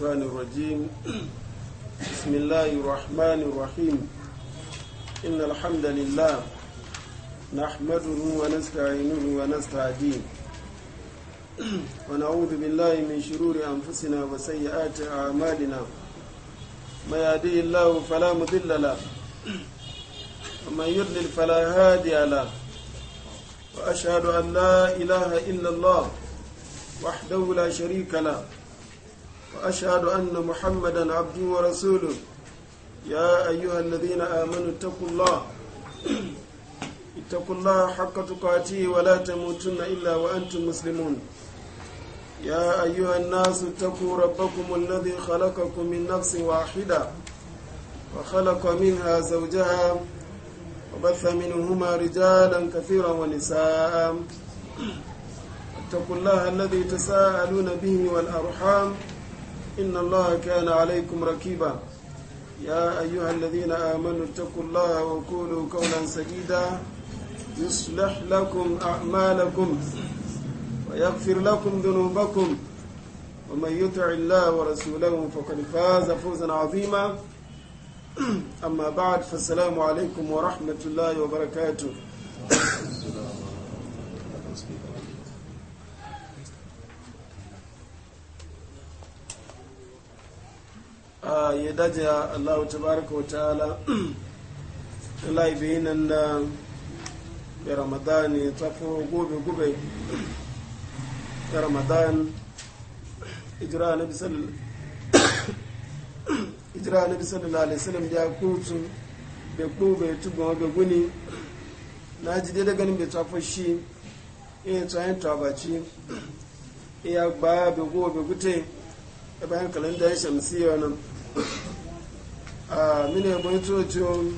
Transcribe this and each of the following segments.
الشيطان الرجيم بسم الله الرحمن الرحيم إن الحمد لله نحمده ونستعينه ونستهديه ونعوذ بالله من شرور أنفسنا وسيئات أعمالنا ما يهدي الله فلا مضل له ومن يضلل فلا هادي له وأشهد أن لا إله إلا الله وحده لا شريك له وأشهد أن محمدا عبده ورسوله يا أيها الذين آمنوا اتقوا الله اتقوا الله حق تقاته ولا تموتن إلا وأنتم مسلمون يا أيها الناس اتقوا ربكم الذي خلقكم من نفس واحدة وخلق منها زوجها وبث منهما رجالا كثيرا ونساء اتقوا الله الذي تساءلون به والأرحام إن الله كان عليكم ركيبا يا أيها الذين آمنوا اتقوا الله وقولوا قولا سديدا يصلح لكم أعمالكم ويغفر لكم ذنوبكم ومن يطع الله ورسوله فقد فاز فوزا عظيما أما بعد فالسلام عليكم ورحمة الله وبركاته ya daji allahu baraka wa ta'ala laifin nan na da ramadan ta fi gobe gobe ya ramadan ijira na bisan ijira ya kutu da gobe tuba bai guni na ji daidai ganin bai tafi shi iya eh, tsayin tabaci iya gbaya bai gobe gute bayan kalanda ya shamsiya nan Ah, mine mai e cocin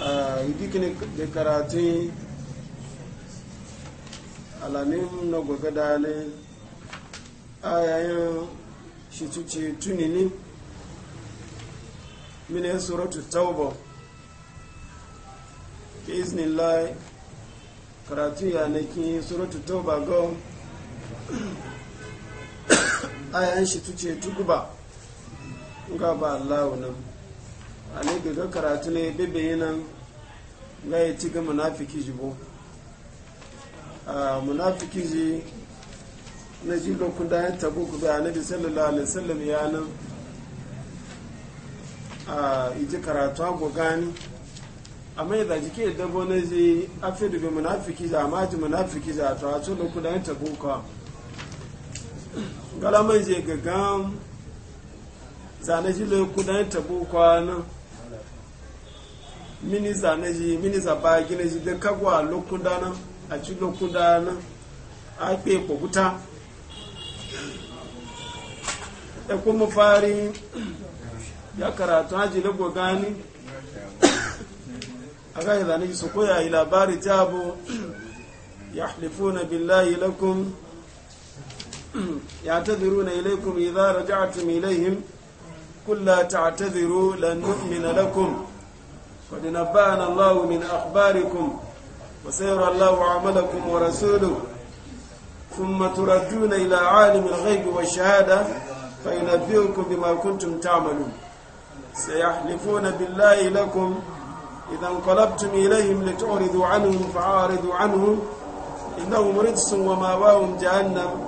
ah, hikikin da karatun alamin na gobe da ne a ah, yayin shi tuce tunini mine e suratu tauba ke izinin lai karatu yanakin suratu tauba gom ayan shi tuce ba ga ba Allah nan ale ga karatu ne bebe yinan ga ya ci ga munafiki jibo a munafiki ji na ji lokun da ya tabo ku da annabi sallallahu alaihi wasallam ya nan a iji karatu ago gani amma yadda jike dabo na ji afi da munafiki ji amma ji munafiki ji a tawato lokun da ya tabo ku ngala man je gagan zane ji lo ku dan tabo kwana mini zane ji mini za ba gina ji da kagwa lokunda a ci lokunda nan a pe kokuta e kuma fari ya karatu haji lago gani a ga zane ji su koya yi labari jabo yahlifuna billahi lakum يعتذرون إليكم إذا رجعتم إليهم قل لا تعتذروا لن نؤمن لكم قد نبأنا الله من أخباركم وسيرى الله عملكم ورسوله ثم تردون إلى عالم الغيب والشهادة فينبئكم بما كنتم تعملون سيحلفون بالله لكم إذا انقلبتم إليهم لتعرضوا عنهم فعارضوا عنهم إنهم رجس وماواهم جهنم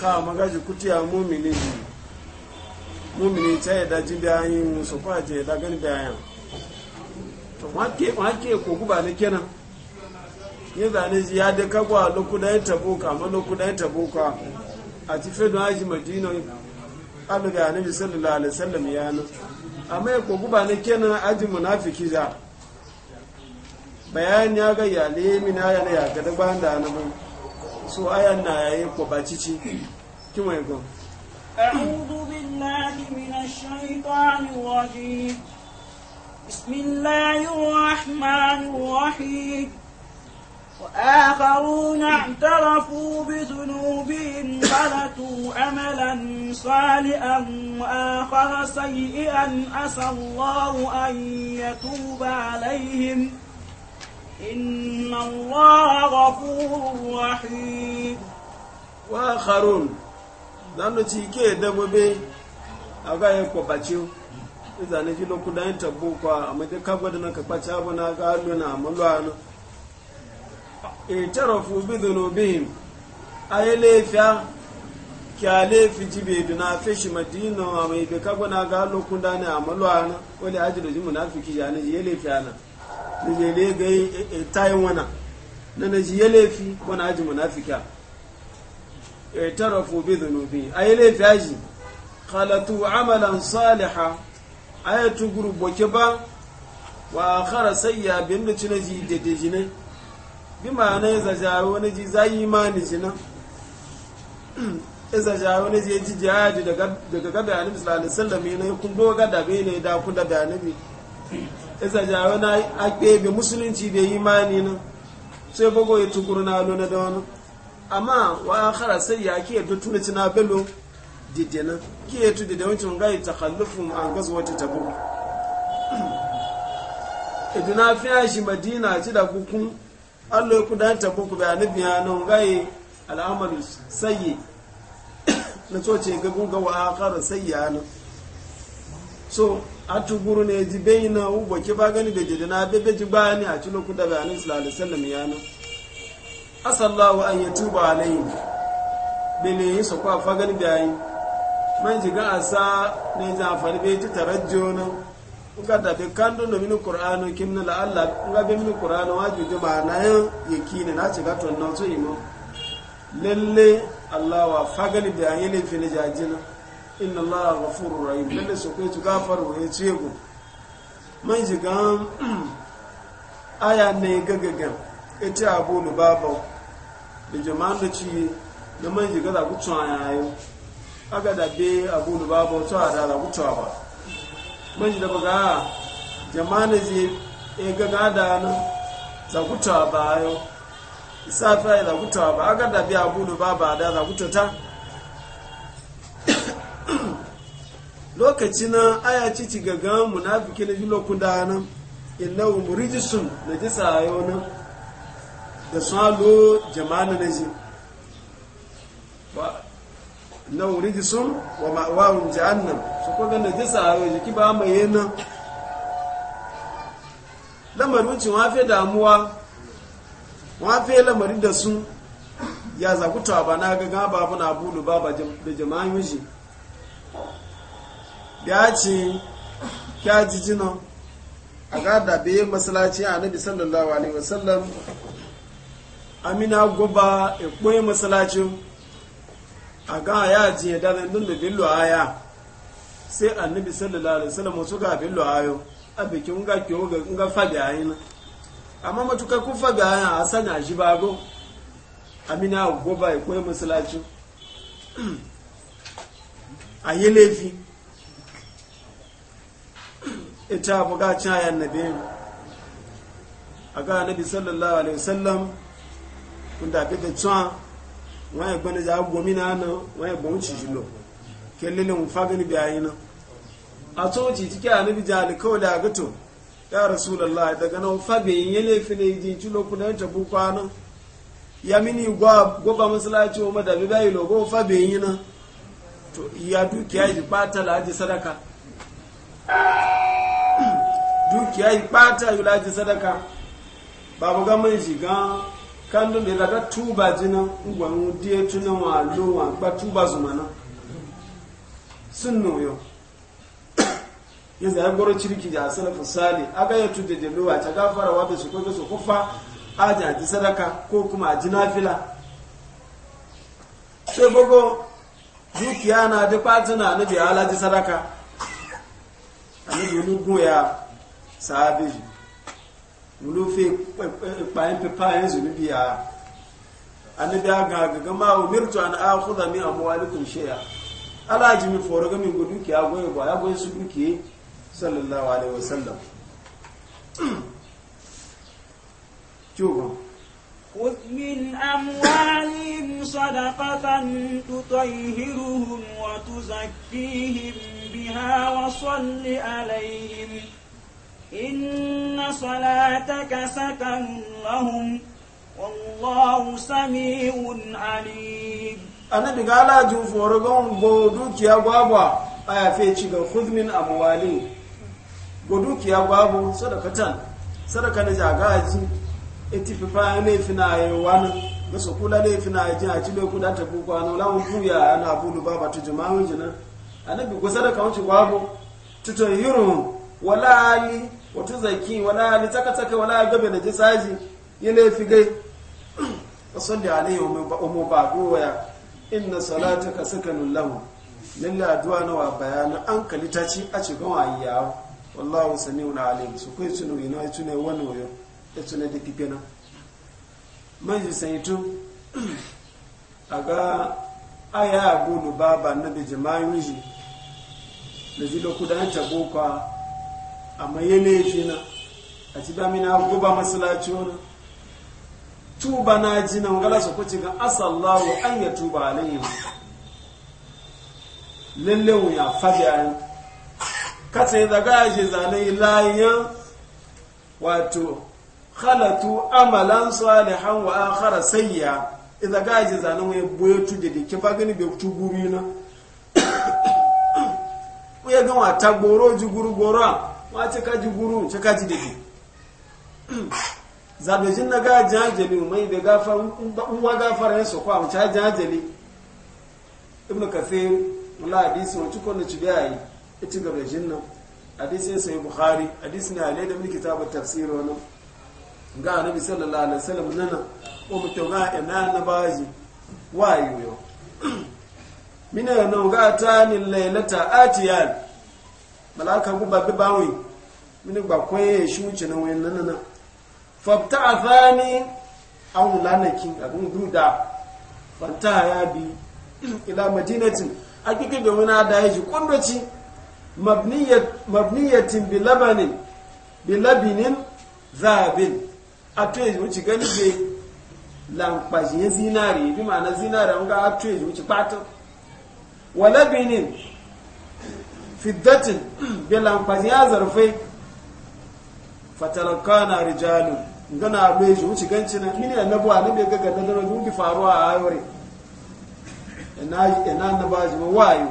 ka magaji kutiya mumini mumini ta yadda jin yi musu kwa je da gani bayan to wake wake ko guba ne kenan ye zane ji ya da kagwa lokuda ya tabuka amma lokuda ya tabuka a ti fe don aji madina alu ga annabi sallallahu alaihi wasallam ya nan amma ya ko guba ne kenan aji munafiki za bayan ya ga yale mina ya ne ya ga da ban da annabi so aya na yayin ko ba cici kin wai gon a'udhu billahi minash rajim bismillahir rahmanir rahim اعترفوا بذنوبهم سيئا عسى الله يتوب عليهم إن الله غفور رحيم وآخرون zanu ci ke dabobe a ga yin kwabace iza ne ji lokuta yin tabo kwa a mai duka gwada na ka kwace abu na ga alu na amalu anu e tarafu duna feshi madina a mai na na wani ajiyar ji munafiki ya ne na na jele ga e, e, tayin wana na na ji wani aji munafika e, tarafu bi a yelefi aji kalatu amalan saliha ayatu gurbo boke ba wa akhara sayya bin da cina ji dede jine bi ma'ana ya zajawa wani ji zayi imani jina isa shawo ne je ji jihadi daga gaba annabi sallallahu alaihi wasallam ne kun doga bai ne da kun da annabi yasa jawo na a ɗebe musulunci da imani nan sai bago ya tukuru na alo na da wani amma wa an kara sai ya ke yadda tuna cina bello dide nan ke tu dide wancan gai ta kallufin an gazu ta tabo idan na fiya shi madina ci da kukun allo ya kudan tabo ku bayanin biya nan gai al'amalu sayi na coci gagun ga wa an kara sai ya nan so atuguru ne ji bai na ubo ke ba gani da jidina bebe ji bayani a cikin lokuta da alayhi sallallahu alaihi wasallam yana asallahu an yatuba alayhi bele yi so kwa fa gani da yi man ji ga asa ne ji amfani bai ji tarajjo na uga da be kando no minu qur'ano kimna la allah uga be minu qur'ano waju ji na yan ne na ci ga to na so imo lalle allah wa fa gani da yi ne fi ne jajina inna Allah ghafurur rahim lalle su kai gafaru ya ce go man jiga mm, aya ne gagaga ita abu lu babo da jama'an da ci da man jiga da ku tsuwa yayo aga da be abu lu babo to ada da ku tsuwa ba man jiga baga jama'an ji e gaga da na za ku tsuwa ba yo isafa da ku tsuwa ba aga da be abu lu babo da za ku tsuwa lokaci na aya ci ci gaga munafiki na jilo da nan innahu murijisun na ji sayo nan da salo jama'a na ji ba na murijisun wa ma'awun jahannam su kuga na ji sayo jiki ba mai yi nan lamarin cin wafe damuwa wafe lamarin da sun ya zakuta ba na gaga babu na bulu ba da jama'a yi biyaci kya jijina a gada be masalacin annabi sallallahu alaihi wasallam amina guba ikpe masalacin a ga ya ji ya dana nun da billo aya sai annabi sallallahu alaihi wasallam su ga billo ayo a bikin ga kyo ga ga fabi ayin amma matuka ku fabi ayin a sanya shi bago amina goba ikpe masalacin a yi laifi ita buga cin ayan a ga nabi sallallahu alaihi wasallam kunda bi da tsuwa. wọn yẹ gbọ́n dẹjà gbomi náà nà wọn yẹ gbọ́n tsi jùlọ kẹlẹ́lẹ́ mu fagin níbi ayé nà àtúntò ci tíkẹ́ ànibi jà àlìkọ́ da àgùtò ya rasulallah daga nan fagin yẹn lè fi lè di jùlọ kunda yẹn tẹ̀bú kwana yamini gọba masalaci wọn mọ̀ dàbí báyìí lọ gọ́ fagin yẹn nà to iya dukiya ji pátá la ji sadaka. dukiya yi bata yi laji sadaka babu ga mai shiga kandu da daga tuba jina ngwan diye tuna wa lo wa ba tuba zumana sun noyo yanzu ya goro ciriki da salafu sali aga ya tude da lowa ta gafara wa da su ko su kufa aja ji sadaka ko kuma a ji nafila sai gogo dukiya na da fatina na da alaji sadaka annabi olugun ya sahabi ji mulu fi kpayin pipa yin zunubi a annabi a gagaga ma umirtu an akhudha min amwalikum shay'a ala ji mi foro ga min gudu ki agoye ba a goye su duki sallallahu alaihi wasallam Cuba. خذ من أموالهم صدقة تطهرهم وتزكيهم بها وصل عليهم إن صلاتك سكن لهم والله سميع عليم أنا بقالا جوفورغون بودوك يا بابا أيا فيتشي خذ من أموالي بودوك يا بابا صدقة صدقة نجاقاجي etipipa laifi na wani ga su kula laifi na ji a ci bai kuda ta kuka na lawon tuya ana bulu ba ba tuju ma hunji nan annabi kusa da kawunci gwabo tuto yirun wala ali wata zaki wala hali tsaka-tsaka wala gabe da jisaji ya laifi gai wasan da alayhi umu ba goya inna salataka sakanun lahu lalla addu'a na wa bayanan an kalita ci a cikin wayiya wallahu sami'un alim su kai tunu ina tunu wani wayo ya tunu da pipena mai ji sai tu aga aya gudu baba na bi jama'in da ji lokuta an tabo amma ya laifi na a ci ba mina guba masalaci wani tuba na ji na wangala su kuci ga asallahu an ya tuba alayhi lalle mu ya fadi ayi kata ya zaga ya ce zane layan wato halatu amalan salihan wa kara sayya idza gaji zane waye boye tude de ke bagani be tuguri na uye gan wa tagboro ji guru wa cikaji guru cikaji dake zabejin na ga jajali mai da gafar uwa gafar ya so kwa mu ca jajali ibnu kathir wala hadisi wacce ko ne cibiya yi ita gabejin nan hadisi ya sai bukhari hadisi na halayya da mulki ta kitabu tafsiri wani ga annabi sallallahu alaihi wasallam nana ko mutum ga ina na baji wayo yau mina yana ga ta ni lailata atiyan malaka ba bi bawi mini gba kwaye shi wuce na wayan nan nan fabta azani an lanakin abin duda fanta ya bi ila madinatin akike da wani da yaji kundoci mabniyatin bi labanin bi labinin zabin a tuye wuce gani be lankwashi ya zinare bi mana zinari an ga a tuye wuce fata wa labinin fiddatin bela amfani ya zarfe fatalaka na rijalu gana abe shi wuce ganci na mini da nabuwa na bai gaga da dara dubi faruwa a ayore ina na ba ji wa yi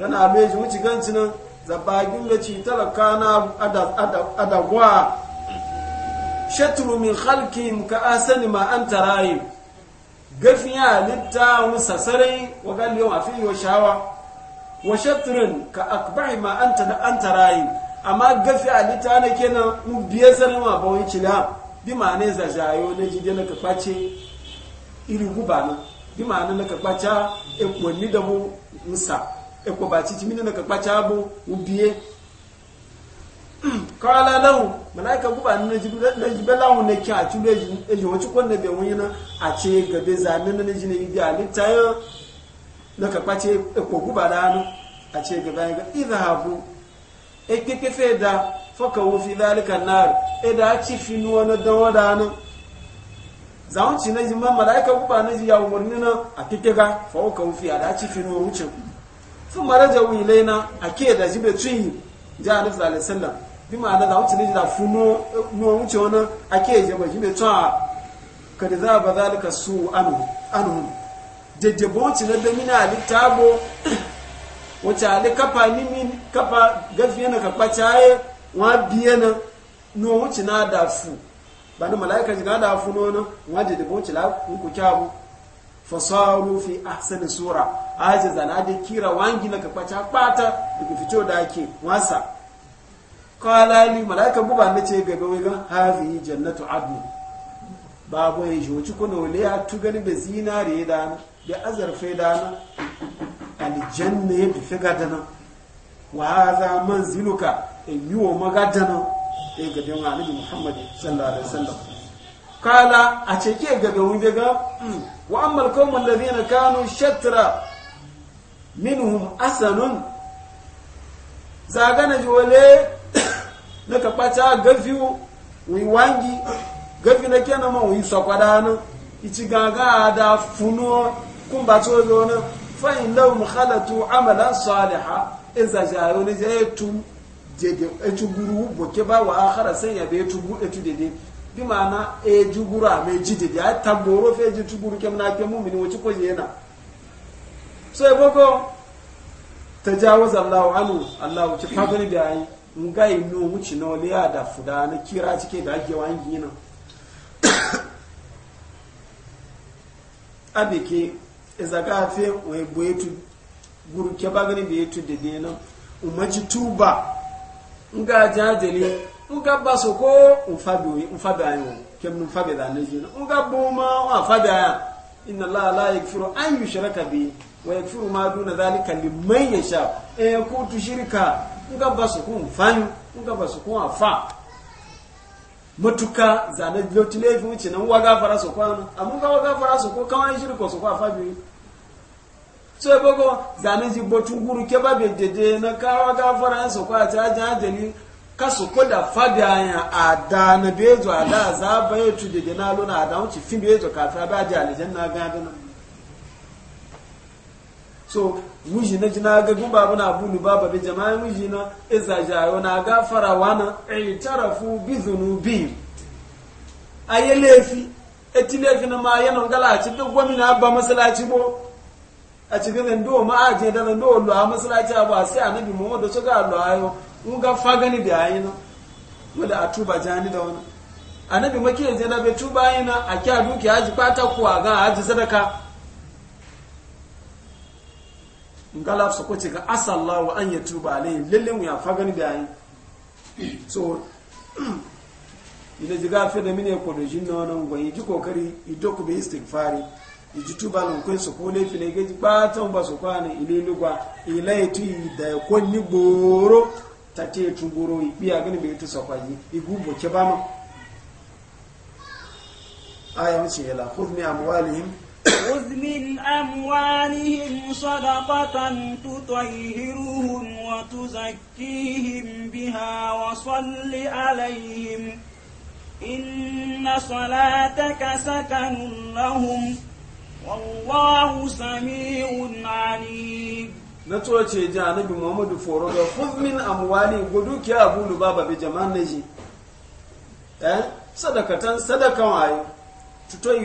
gana abe shi wuce ganci na zabagin da ci talaka na adagwa shatru min khalqin ka sani ma an tarayi gafiya littawun musasarai wa galiyon yau fiye shawa wa shatrin ka akba'i ma anta anta rayin amma gafi alita na kenan mu biye sanama ba wani cila bi ma ne zajayo na jide na kaface iri guba na bi ma ne na kafaca ekwo ni da mu nsa ekwo ba cici mini na kafaca bu mu biye kawala lahu malaika guba ne na jibe na jibe lahu ne ki a tulo eji wacce kwanne bai wani na a ce gabe zanen na jine ibi alita yau na ka kwace ko guba da hannu a ce gaba ga idhabu e kike fe da faka wo fi dalika nar e da ci fi nuwa na dawo da hannu zawon ci na ji ma malaika guba na ji ya umarni na a kike ga fa wufi ka wo fi da ci fi nuwa wuce sun maraja wilaina a ke da jibe tsuyi ji a nufi alaihi sallam bi ma'ana zawon ci na ji da fu nuwa wuce wani a ke jibe tsuyi a kada za ba zalika su anu anu jajjabonci na damina littabo wacce ali kafa nimi kafa gafiya na kafa caye wa biya na no wacce na da fu ba na mala'ika jiga da fu no wa jajjabonci la ku kyawu fasaru fi ahsani sura aje zana da kira wangi na kafa ca kwata da fito da ake wasa kala ni mala'ika buba na ce gaba wai ga hazi jannatu adni babu ya shi wacce kuna wale ya tu gani da zinare da na da azarfe dana aljanna ya fi gadana wa za man zinuka in yi wa magadana ya gabe wa annabi muhammadu sallallahu alaihi wasallam kala a cike gabe wani daga wa ammal kawman ladina kanu shatra minhum asanun zagana jiwale na ka kpacha gafiu wi wangi gafi na kenan kenama wi sakwada na ichi gaga da funo kun ba tso zo ne fa in lahum khalatu amalan salihan iza jayo ne je tu jege e tu guru bo ke ba wa akhara sai ya be tu e tu dede bi mana e jugura mai ji dede a taboro fe ji tu guru kem na ke mu mini wuci ko yana so e boko jawo zallahu anu Allahu ci fagani da yi nga inu e wuci no le ya da fuda na kira cike da ake wangi na abike ezaka fe we bwetu guru ke bagani bwetu de dena umaji tuba nga jajeli ba su ko ufabi ufabi ayo kem nu fabi da ne jina nga boma wa fabi aya inna allaha la yaghfiru an yi yushraka bi wa yaghfiru ma duna dhalika liman yasha e ku tushirika ba su ko ufanyu ba su ko afa matuka zane loti laifin wuce nan waga fara su kwano amma ga waga fara su ko kawai shiri ko su kwa fabi so ya bago zane ji botu guru ke ba be dede na ka waga fara su kwa ta ja jali ka su ko da fabi anya ada na bezo ada za ba yetu dede na lona ada wuce fi bezo ka fa ba ja aljanna ga na. so wuji na jina ga gumba na bunu baba be jama'a wuji na iza jayo na gafara wana itarafu e bi dhunubi ayelefi etilefi na ma yana ngala a cikin na ba masalaci bo a cikin zando ma a je da zando lo a masalaci a ba sai annabi Muhammad da ga lo ayo mu ga fagani da ayi na atuba a tuba jani da wani annabi make je da be tuba yana a kya duki haji kwata kuwa ga haji sadaka ngalab so kwace ga asallahu an ya tuba alayhi lalle mu ya fagani da yi so ina ji gafe da mine ko da jin na wannan gwan ji kokari ido ku bi istighfari ji tuba lan kun so ko lefi ne gaji ba ta ba so kwana ile lugwa ile tu da ko ni goro ta te tu goro biya gani bai tu sakwaji igubo ke ba ma. aya mace yala khudni amwalihim خذ من أموالهم صدقة تطهرهم وتزكيهم بها وصل عليهم إن صلاتك سكن لهم والله سميع عليم na tsohon ce ji muhammadu foro da huzmin amwali gudu ki abu lubaba bi na ji eh sadakatan sadakan wayo tuton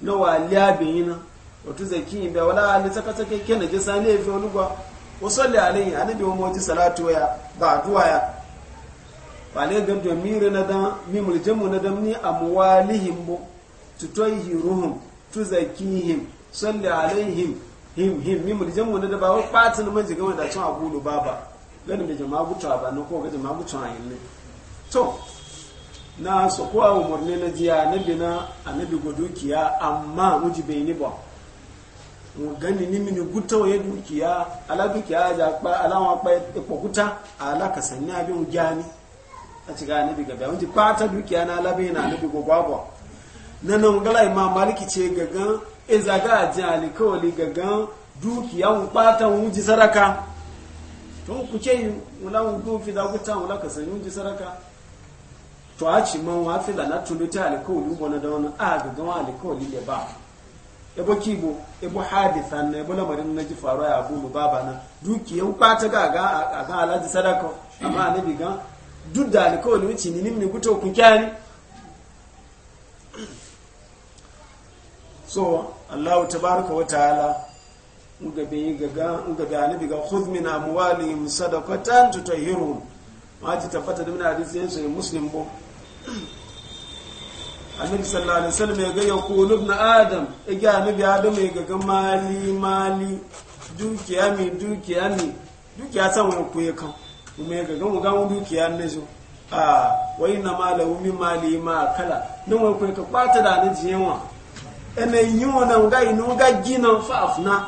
Na wa yi na, wato zaki bai wala ali saka saka ke na jisa ne fi wani gwa wa alayi a nabi wani moji salatu ya ba duwa ya ba ne ga domire na dan mi muljamu na dan ni amwalihim bu tutoyi ruhum tuzakihim salli alaihim him him mi muljamu na da ba wa patin man jiga da tun agulu baba ganin da jama'a gutu ba no ko ga jama'a gutu ayin ne to na su kowa umarni na jiya a na bi ga dukiya amma wuji bai ni ba mu gani ni mini guta waye dukiya ala dukiya ya pa ala wa pa ko guta ala ka sanya bin gani a ci ga annabi ga ba wuji pata dukiya na ala bai na bi go gwagwa na nan gala imam maliki ce gagan e zaga ajali kawali gagan dukiya mu pata wuji saraka to ku ce wala mu fi da guta la ka sanya wuji saraka to a ci man wafi na da ta alikawali wani da wani a ga gawa alikawali da ba ebo kibo ebo haditha na ebo lamarin na ji faru a abu mu baba na dukiyan kwata ga a ga alhaji sadaka amma annabi gan duk da alikoli wuce ni nimni guto kun kyani so allahu tabaraka wa ta'ala nga be gaga nga be annabi ga khudh min amwalihim sadaqatan tutahhiruhum ma ta tabbata da min hadisi sai muslim bo annabi sallallahu alaihi wasallam ya ga ya kulu ibn adam ya ga annabi adam ya ga mali mali dukiya mi dukiya mi dukiya san wani kuye kan kuma ya ga mu ga dukiya ne zo a wa inna ma lahu min mali ma kala dan wani kuye ka kwata da ni jiyanwa ene yiwo na ga inu ga gina fa afna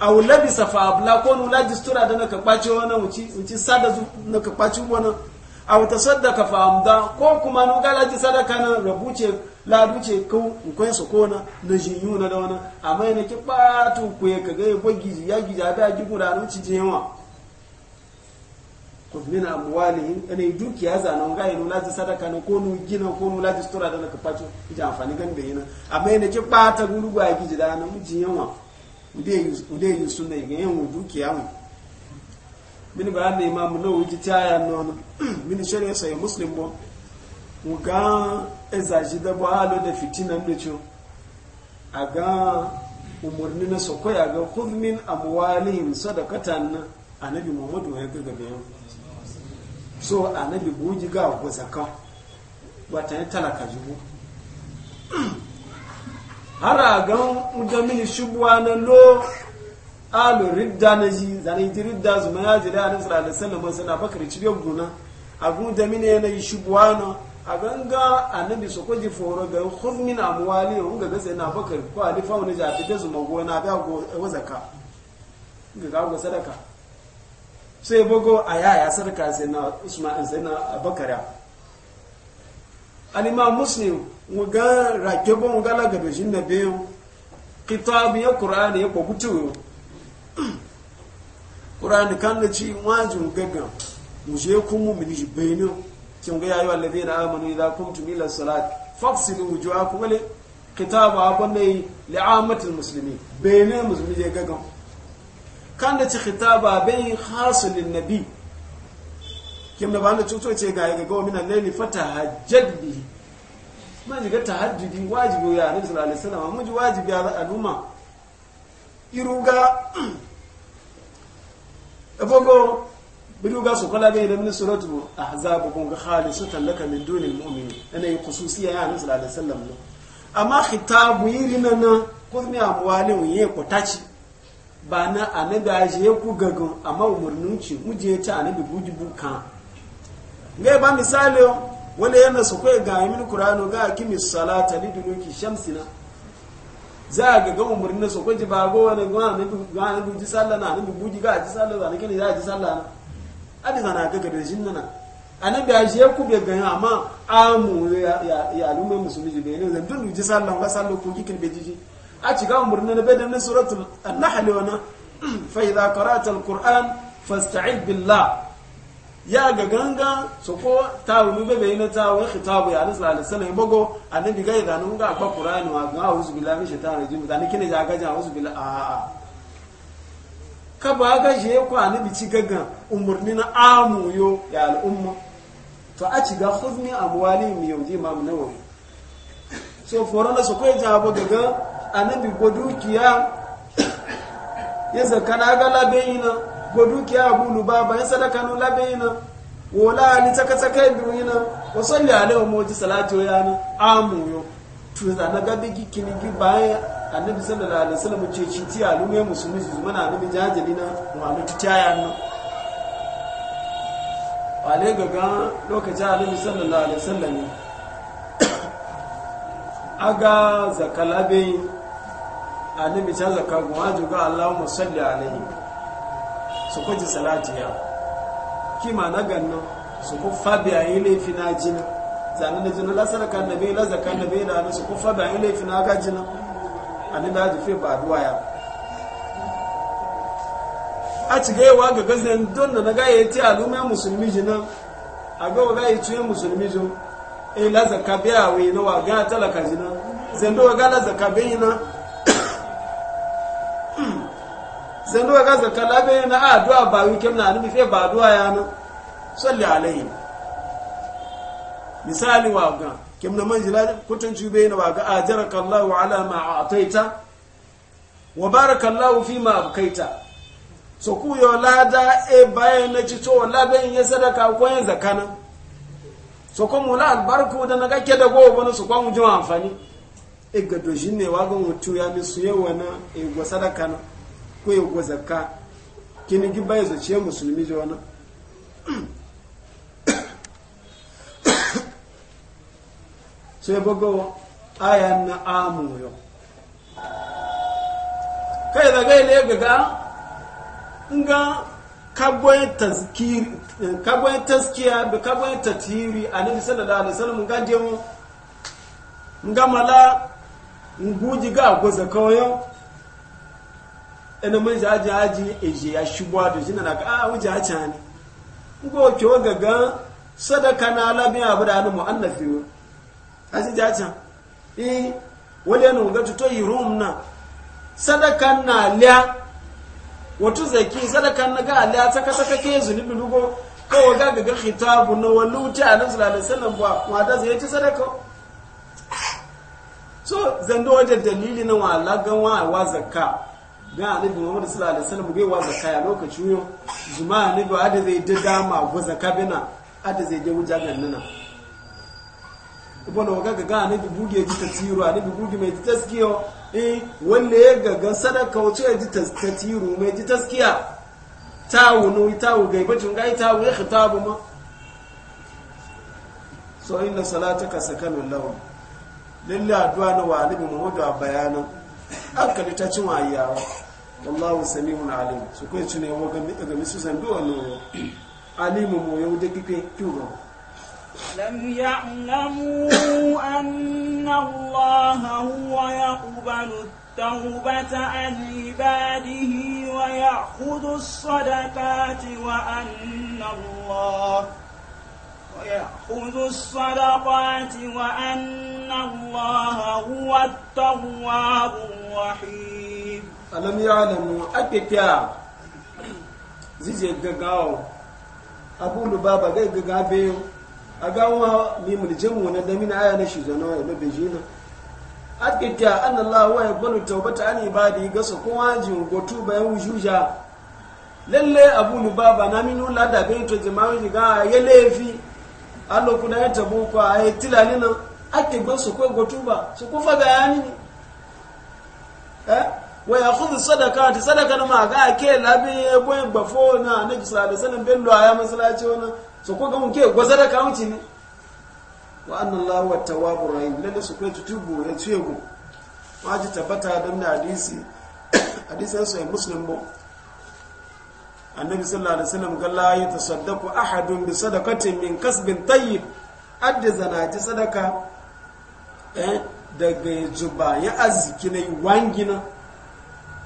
aw labisa fa abla ko nu la distura da na ka kwace wannan uci uci sada na ka kwace wannan ta tasaddaka fa amda ko kuma no gala ji sadaka na rabuce la duce ko ko su ko na na jinyu na da wana amma yana ki batu ku ya kaga ya bogi ya gija da ji gura no ci jewa ko min amwalihim ene dukiya za na ga no laji sadaka na ko no gina ko no laji ji stora da na ka pato ija amfani gan da yana amma yana ki bata gulu ga gija da na mu jinyawa ude ude yusunna ga yan dukiya mu mini bayan da imam lawi ji taya nono mini shari'a sai muslim bo mu ga ezaji da balo da fitinan mu cho a ga na sokoi a ga khudh min amwalihim sadaqatan annabi muhammadu ya ga gabe so annabi buji ga ko zakka ba ta talaka jibo har a ga mu da mini shubwa na lo alu ridda na ji zane ji ridda zuma ya jira a nasarar alisalama sana bakar ci biyan guna a guda mini yanayi shubuwa na a ganga annabi su kwaji foro ga hurmin amuwali wanga gasa yana bakar ko a lifa wani jafi da zuma gona ga wazaka ga gago sadaka sai bago a yaya sadaka sai na usman sai na bakara alima muslim ga rake bon gala ga dojin da biyu kitabiyar qur'ani ya kwagutu ƙura'ani kan da ci wajin gaggan muje kun mu mini bayanin cin ga yayi wallazi na amanu idza kuntum ila salat fafsilu wujuhakum wal kitaba banne li'amatil muslimin bayanin musulmi je gaggan kan da ci kitabu bayin hasilin nabi kim da bana cuto ce ga ga gomi nan laili fata hajjadi maji ga tahajjudi wajibi ya nabi sallallahu alaihi wasallam mu ji wajibi ya al'umma iruga efogo bidu ga su kala ga ilimin suratu ahzab kun ga su tallaka min dunil mu'minin ana yi khususiya ya nabi sallallahu alaihi wasallam ne amma khitabu yirina na kuzmi amwale mu ko tachi ba na anabi aje ku gago amma umurnin ci muje ta anabi buji buka ngai ba misali wala yana su kai ga yimin qur'ano ga kimis salata liduluki shamsina za a ga gama murni na sokwaji ba go wani gwana na bi ji sallah na bi buji ga ji sallah zane kene ya ji sallah na adi zana ga gada shin nana anan bi aje ku be ga amma amu ya ya lume musulmi be ne zan dun ji sallah ga sallah ku kikin be ji a ci ga murni na be da na suratul an-nahl wana fa idha qara'ta al-qur'an fasta'id billah ya ga ganga so ko ta wulu yi bayina ta wuni khitabu ya rasul alaihi salam bogo annabi ga idan mun ga akwa qur'ani wa ga auzu billahi minash shaitani rajim dan kine ja ga ja auzu billahi a a ka ba ga je ko annabi ci gaga umurni na amu yo ya al'umma to a ci ga khudni amwali mi yauji imam nawawi so foran da so ko ja ba gaga annabi go dukiya ya zakana ga labeyina ko dukiya abu lubaba ya sadaka labe yana wola ni taka biyu yana wasu salli alaihi wa salatu ya na amu yo to za na gabe gi kini gi baya annabi sallallahu alaihi wasallam ce ci ti alume musulmi su mana annabi jajali na wa lutu taya na wale gaga lokacin annabi sallallahu alaihi wasallam aga zakalabe annabi ta ga wajuga allahumma salli alaihi su kwaji salati ya kima na ganna su ku fabi a yi laifi na jini zanen da jini lasar kan na bai lazar kan na bai da su ku fabi a yi laifi na ga jini a ni da fi ba duwa ya a ci gaiwa ga gazin don da na yi ti alumai musulmi jina a gawa gaya tuye musulmi jo e eh, lasar ka biya yi na wa ga talaka jini zai ndo ga lasar ka biya na zanu ga zakka labe na addu'a ba wikem na ni fe ba addu'a ya no salli alaihi misali wa ga kemna na manjila kutun jube na wa ga ajaraka Allah ala ma a'taita wa baraka Allah fi ma abkaita so ku yo lada e bayan na ci to labe ya sadaka ko yin zakana so ko mu la albarku da naga ke da go bana su kwan jima amfani e ga dojin ne wa ga mutu ya mi su yawa na e go sadaka na ko ya kuwa zakka kini gi bai zace musulmi ji wani sai bugo ayan na amu yau kai daga ile gaga nga kabon tazkiri kabon taskiya bi kabon tatiri annabi sallallahu alaihi wasallam ga je mu nga mala nguji ga goza koyo ina mun jaji haji eje ya shubwa da jina na a ah, wuce haci hani ko ke wa gan sadaka na labin abu da hannun mu'annafi wa a ji jaci eh wani yana ga tuto yi rum na sadaka na liya wato zaki sadaka na ga liya ta saka saka ke zunubi dugo ko ga gaga khitabu na waluti a nan sallallahu alaihi wasallam ba wata zai ci sadaka so zando wajen dalili na wa lagan wa zakka ga annabi Muhammad sallallahu alaihi wasallam bai wa zakaya lokaci yo zuma annabi ada zai da dama go bina ada zai je wuja gannana ibona waga ga annabi buge ji tasiru annabi buge mai taskiyo eh wanda ya gaga sadaka wato ya ji tiro mai ji taskiya wunu ta tawu ga ibacin ga tawu ya khitabu ma so inna salataka sakanun lahum lillahi addu'a na wa annabi Muhammad bayanan hankali ta cin wayawa والله سميع عليم سكون شنو يوم كان كان سوسن دو انو عليم مو يوم دكيك كيو لم يعلموا ان الله هو يقبل التوبة عن عباده ويأخذ الصدقات وأن الله ويأخذ الصدقات وأن الله هو التواب الرحيم alam ya alamu ake kya zije gaggawa abu Baba gai gaga bayo a gawa mi muljin na da mina aya na shi zano ya be shi na ake kya an Allah wa ya bani taubata an ibadi ga su kuma ji gotu bayan wujuja lalle abu lubaba na minu lada bai to jama'a ji ga ya lefi allo kuna ya tabo ko ay tilani na ake gbe su gotuba gotu su ko faga ya ni Waya wa yakhudhu sadaqati sadaqan ma ga ke labi boy bafo na annabi sallallahu alaihi wasallam bello aya masallaci wannan so ko ga mun ke gwa sadaka mun ci ne wa anna allah wa tawwabur rahim lalle su kai tutubu ya tuye go ma ji tabbata don da hadisi hadisin sai muslim bo annabi sallallahu alaihi wasallam ga la yatasaddaqu ahadun bi sadaqatin min kasbin tayyib adda zanaji sadaka eh daga zuba ya na yi wangina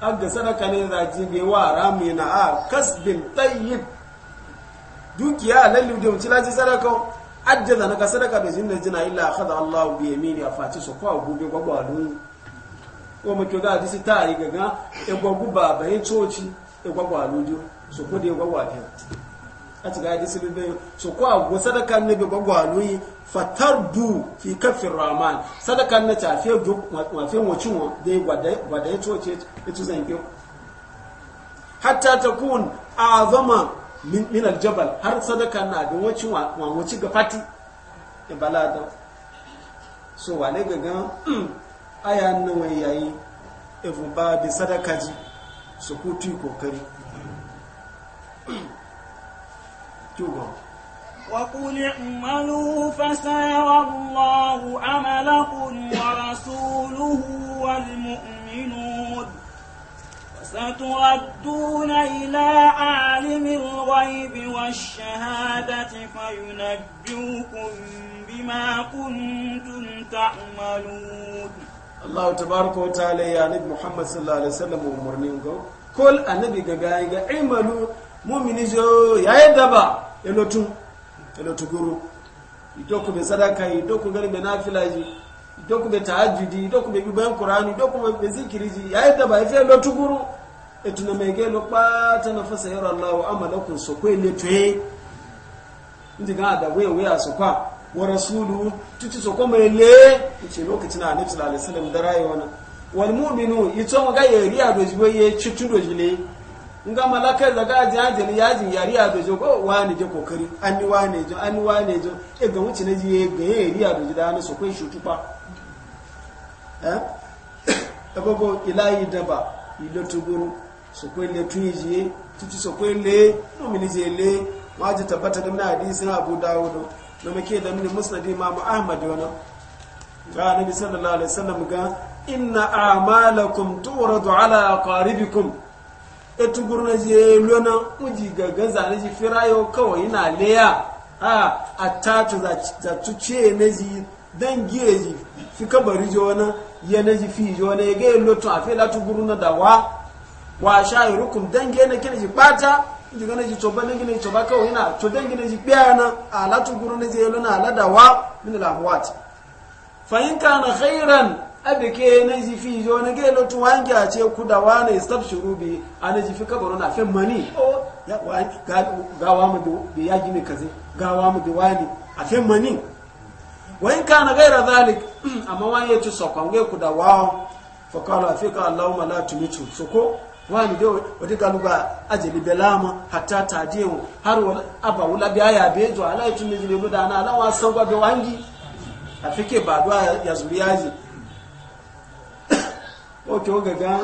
aga sadaka ne zaji be wa rami na a ah, kasbin tayyib dukiya lallu da mutila ji sadaka ajjaza na ka sadaka da jinna jina illa akhadha Allah bi yamini a faci so kwa gobe gwagwalu ko mutu ga disi ta yi gaga e gwagwa ba bayin coci e gwagwalu jo so ko da e gwagwa ta a ci gadi su bebe so ko a go sadaka ne be fatar du fi kafin raman sadaka ne ta fi go wa fi mu dai gwada ya toce ita zan yi hatta kun azama min min aljabal har sadaka na bi wacin wa mu ga fati e balada so wale gaga aya nan wai yayi ifun ba bi sadaka ji su kutu kokari توقع وقل اعملوا فسيرى الله عملكم ورسوله والمؤمنون وستردون إلى عالم الغيب والشهادة فينبئكم بما كنتم تعملون Allah tabaraka wa ta'ala ya nabi Muhammad sallallahu alaihi wasallam umurnin ko kol annabi ga ga ga imalu mumini zo oh, yayin da elotu elotu guru idoku be sadaka idoku gari be nafilaji idoku be tahajjudi idoku be bibayin qur'ani idoku be zikiriji yayin da ba ife elotu guru etuna mege lo pata na fasa yara Allah amalakum so ko eletwe ndi ga da we we asokwa wa rasulu tuti so ko mele ce lokacin annabi sallallahu alaihi wasallam da rayuwa wal mu'minu ito ga yari a dojibo ye chituro jile nga malaka daga ajajin yajin yariya da jogo wani je kokari an wa ne jo an wa ne jo e ga wuce na je ga yariya da jida na so kai shutupa eh abogo ilahi daba ilo tuguru so kai le tuije le no le ma ji tabbata da na hadisi na Abu Dawud no muke da mini Ahmad ga Annabi sallallahu alaihi wasallam ga inna a'malakum etuguru na je lona muji uji gaga zane ji firayo kawai yana leya a a tatu za tuce ne ji dan giye ji fi kabari ji wani ya na ji fi ji wani ya gaya lotu a fela tuguru na dawa wa sha yi rukun dan giye na kina ji bata uji gana ji toba ne gina ji toba kawai yana to dan gina ji biya na ala la tuguru na je lona ala da wa min lahuwat fahimka na khairan ke na zifi jo na gelo tu wange a ce ku da wani stab shurubi a na jifi kabaro na fin mani gawa oh. mu da ya gini kaze gawa mu da wani a fin mani wani ka na gaira zalik amma wani ya ci sokon gai ku da wawo fakalo a fika allahumma la tumitu soko wani da wata galuga ajali belama hatta ta tadiyo har wani abawula biya ya bejo ala ya tumi jini gudana ala wasan gwabe wangi a fike ba duwa ya zuriyaji wato waga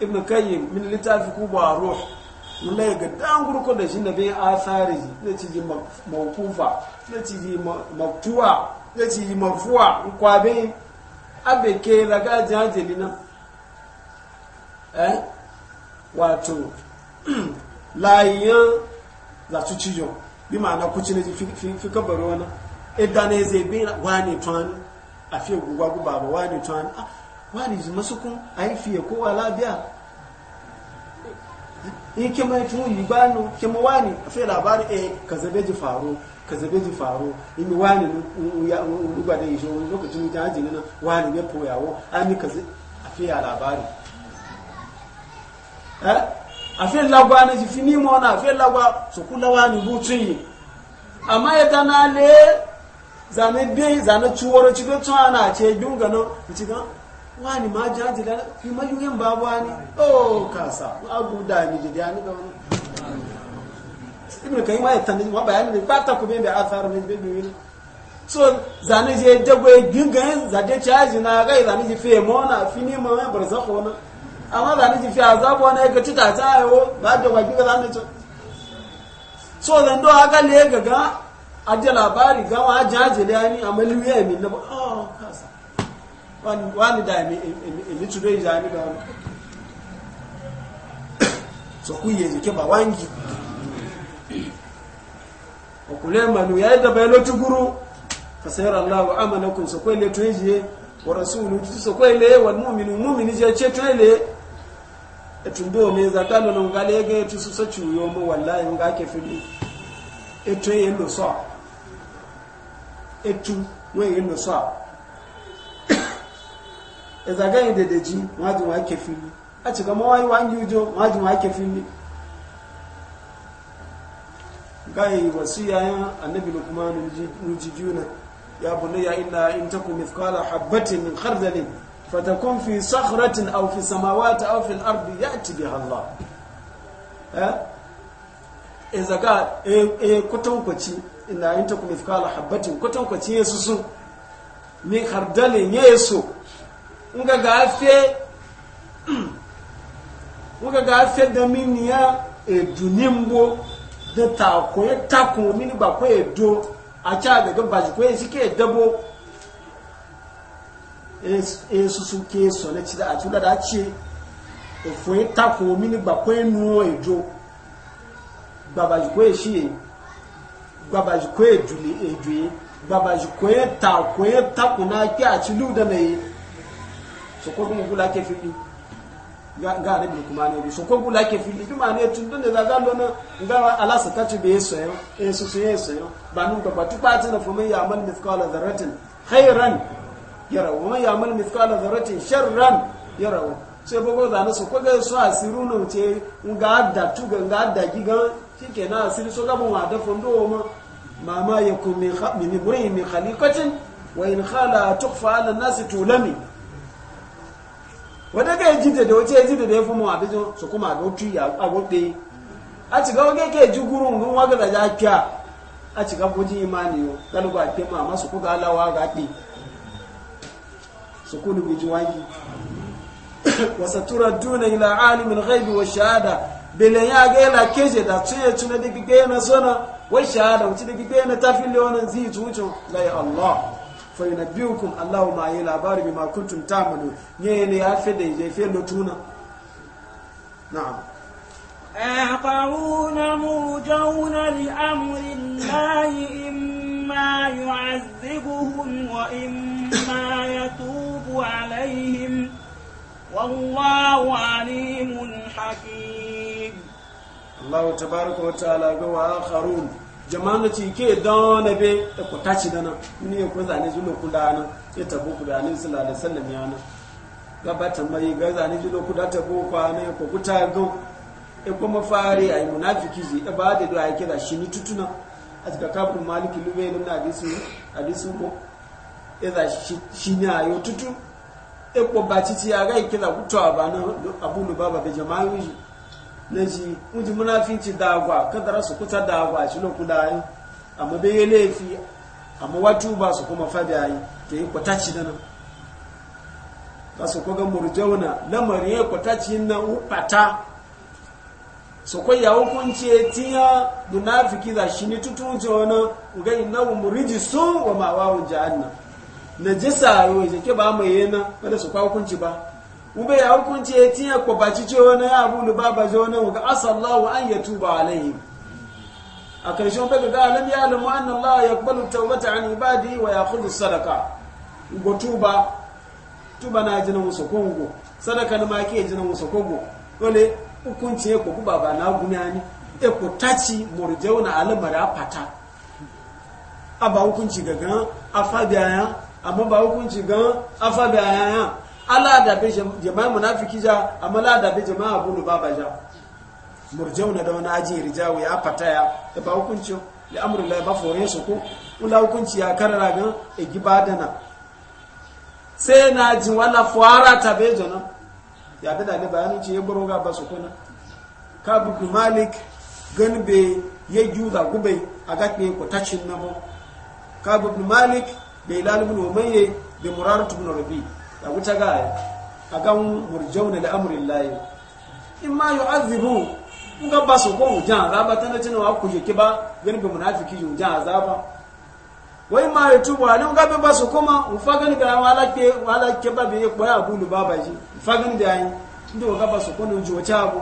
ibn kayyim min littafi ku ba ruh mulai ga dan gurko da shi na bai asari ne ci ji mawkufa ne ci ji maktuwa ne ci ji marfuwa kwabe abe ke daga jajeli na eh wato layin za su cijo bi ma'ana kuci ne fi kabar wani idan ne zai bi wani tuwani a fiye gugwa ba wani tuwani ah, wani zuma sukun aifiye kowa labiya in kima tun yi gbanu kima wani fi labari eh ka zabe ji faru ka zabe ji faru in wani ruba da ishe wani lokacin ta hajji nuna wani ne poyawo an yi ka fi labari eh? a fi lagwa na jifi ni ma wani a fi lagwa su kula wani butun yi amma ya ta na le zane bi zane ciworo cikin tun ana ce dunga na cikin wani ma jaji da fi malin babu wani oh kasa abu da ni jidi ani ga wani ibn kayyim ya tanni wa bayani ne ba ta ku be athar min ne bi so zane je dago ginga za de charge na ga zane je fe mona fini ma me barzakho na amma zane je fe azabu na ga tuta ta yo ba da wa ginga zane to so zan do aka le ga ga ajala bari ga wa jaji da ni amalu ya min na ba ah. wani da ilitudo izami da wani so kuye jike ba wangi okule manu ya da bai lotu guru Allah wa amanakun so kwai le tuye wa rasulu tu so kwai le wa mu'minu mu'mini je che tuye le etundo me za kalo no ngalege tu so so chuyo mo wallahi ngake fidi etuye ndo so etu we ndo so ẹ̀zà da daji jí wọ́n á jù wọ́n á kẹfì ní a cika mawai wangi ujo majin wake fili gaye wasiya yan annabi lukman rujijuna ya bunayya inna in takum mithqala habbatin min khardalin fatakun fi sakhratin aw fi samawati aw fi al-ardi ya tibi Allah eh iza ka eh e, kutonkwaci inna in takum mithqala habatin kutonkwaci yesu sun min khardalin yesu nga gafe nga gafe da miniya edunimbo da tako ya tako mini ba ko edo a ca daga baji ko yanzu ke dabo e su ke so na cida a tula da ce ofo ya tako mini ba ko enu edo babaji ko shi babaji ko ne, edoye babaji ko ya tako ya tako na ke a cilu da na yi so ko gun gula ke fili ga ga ne kuma ne so ko gula ke fili kuma ne tun dun da ga lona ga ala sa ta tube yeso yo yeso su yeso yo e ba nun ba tu ba ta na fuma ya amal mithqala dharratin khairan yara wa man ya'mal mithqala dharratin sharran yara sai bago da na so ko ga so asiru no ce ga da tu ga ga da gi ga shikenan asiru so ga mun wa da fondo ma mama yakun min khabni min khaliqatin wa in khala tukhfa ala an-nas tulami wadda ka ji da wace ji da ya fi mawa bijin su kuma ga otu a a cika ke ji gurun gun waga da ya a cika buji ma masu kuga alawa ga ɗi su kudu wa shahada belen ya ga yana keje allah kun Allahu ma yi labari bima kuntum ta'malu ne ne ya fi da je fi lutuna na'am aqawuna murjauna li amri Allahi imma yu'azzibuhum wa imma yatubu alaihim wallahu alimun hakim Allah tabaaraka wa ta'ala ga wa akharun jama'an ci ke don na be da ku taci dana ni ya kun zane zulo ku da nan ya tabo ku da nan sallallahu alaihi wasallam ya nan gabata mai ga zane zulo ku da tabo ku ne ku kuta go e kuma fare ai munafiki ji e ba da do ai kira shi ni tutuna a ga kafin maliki lube nan na hadisi hadisi ko e da shi ni ayo tutu e ko ba ci ci ya ga kira ku ba nan abu lubaba be jama'an ji na ji muji munafinci da agwa kadara su kuta da agwa shi loku da yi amma bai yi laifi amma watu ba su kuma fadi a yi ta yi kwataci da nan ba su koga murjauna lamarin ya kwataci na upata su kwa ya hukunci ya tiya munafiki za shi ne tutunci wani ga ina muriji sun wa ma'awawun jihar nan na jisa yau ya ke ba mu yi na wadda su kwa hukunci ba ube ya hukunci ya tiya kwabaci ce wani ya abu da baba ji wani wuga asallahu an ya tuba alayhi a karshen daga ga alam ya alamu an Allah ya kubalu taubata an ibadi wa ya kudu sadaka go tuba tuba na jina musu kongo sadaka na ma ya jina musu kongo dole hukunci ya kwabu baba na gumiyani ya ku tachi murjau na alamara fata a ba hukunci ga gan afabiyayan amma ba hukunci gan afabiyayan ala da be jama'a munafiki ja amma la da be jama'a bulu baba ja murjauna da wani aji rijawu ya fataya da ba hukunci ya amru la ba fore su ko ula hukunci ya karara ga e gibadana sai na ji wala fuara ta be jona ya da ne bayani ce ya buru ga ba su kuna ka bu malik ganbe ya juza gube a gaɓe ko tacin namo ka bu malik bai lalibin wa maye da muraratu na rabi' da wuta gaya a kan murjau da amurin layi in ma yi azibu in ga ba su kowane jan azaba ta na cinawa ku shi kiba gani ba munafiki yi jan azaba wai ma yi tubu a nan gabi ba su kuma ufa gani ga wala ke ba bai kwaya abu da ba bai ufa gani da yayi inda wa gaba su kwanin ji wace abu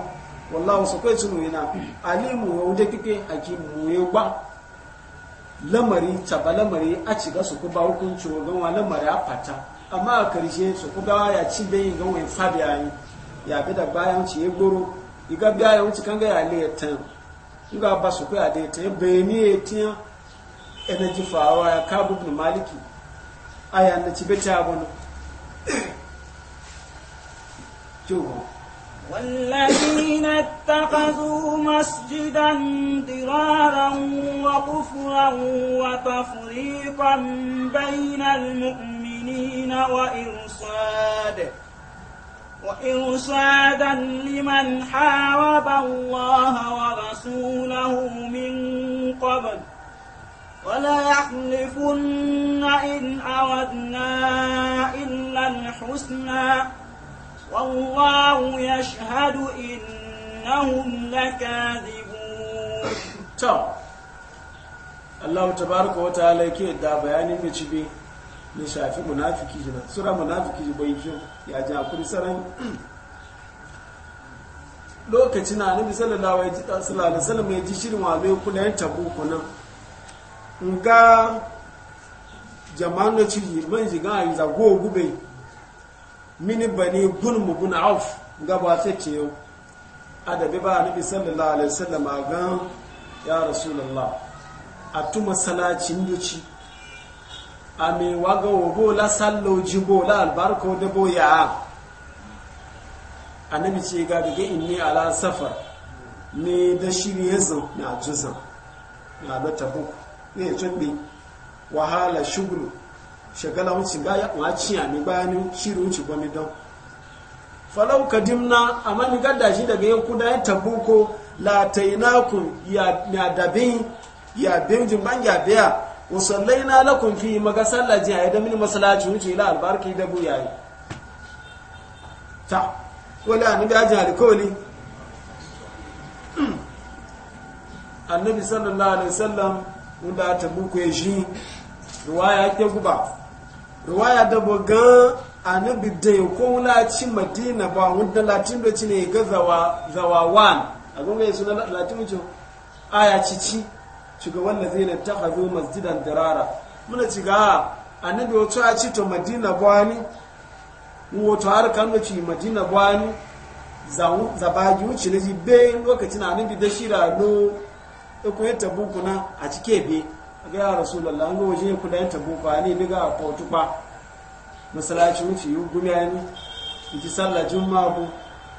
wallahu su kai sunu yana alimu wa wuje kike hakimu ya gba lamari taba lamari a ciga su ku ba hukunci wa wa lamari a fata amma a karshe su kuga ya ci bayan ga wani fabi yayi ya bi da bayan ci ya goro iga biya wuce kan ga ya le ya tan nga ba su ko ya de tan bayani ya e tiya energy fawa ya kabu bin maliki aya na ci beta abun jugo والذين اتخذوا مسجدا ضرارا وكفرا وتفريقا بين المؤمنين تحسين وإرصاد وإرصادا لمن حارب الله ورسوله من قبل ولا يحلفن إن أردنا إلا الحسنى والله يشهد إنهم لكاذبون الله تبارك وتعالى كي دا بياني مجبي na shafi munafiki jina sura munafiki ji bai kyau ya ji hakuri saran lokaci na nabi sallallahu alaihi wa sallam ya ji shirin wale kuna yan tabu kuna nga jama'an da ci man ji ga yi zago gube mini bani gun mu gun auf ga ba ta ce yau adabi ba nabi sallallahu alaihi wa ga ya rasulullah a tuma salacin duci ame waga wogo la sallo jibo la albarko da boya annabi ce ga daga inni ala safar ne da shirye zan na jizan na da tabu ne tunbe wahala shugulu shagala wuce ga ya wace a mi bayani shiri wuce gwamnati. don falau dimna amma mani gada shi daga yau da ya tabu ko latainakun ya dabin ya benjin ya biya usallaina lakum fi maga sallar jiya, ayi da min masallaci wuce ila albarki da bu yi. ta wani annabi da ji alkoli annabi sallallahu alaihi wasallam wanda ta buku ya shi riwaya ke guba riwaya da boga annabi da ya kowula ci madina ba wanda latin da ci ne ga zawa zawawan a gungaye suna latin wuce aya ci ci shiga wallazi na ta hazo masjidan dirara muna shiga annabi wato a ci to madina bwani wato har kan wace madina bwani za bagi wuce na ji lokacin annabi da shira no ikon ya tabuku na a cike be ga ya rasulullah an ga waje ku da ya tabuku ne ni ga kotu ba masallaci wuce ne gumiyani ji sallah juma'a bu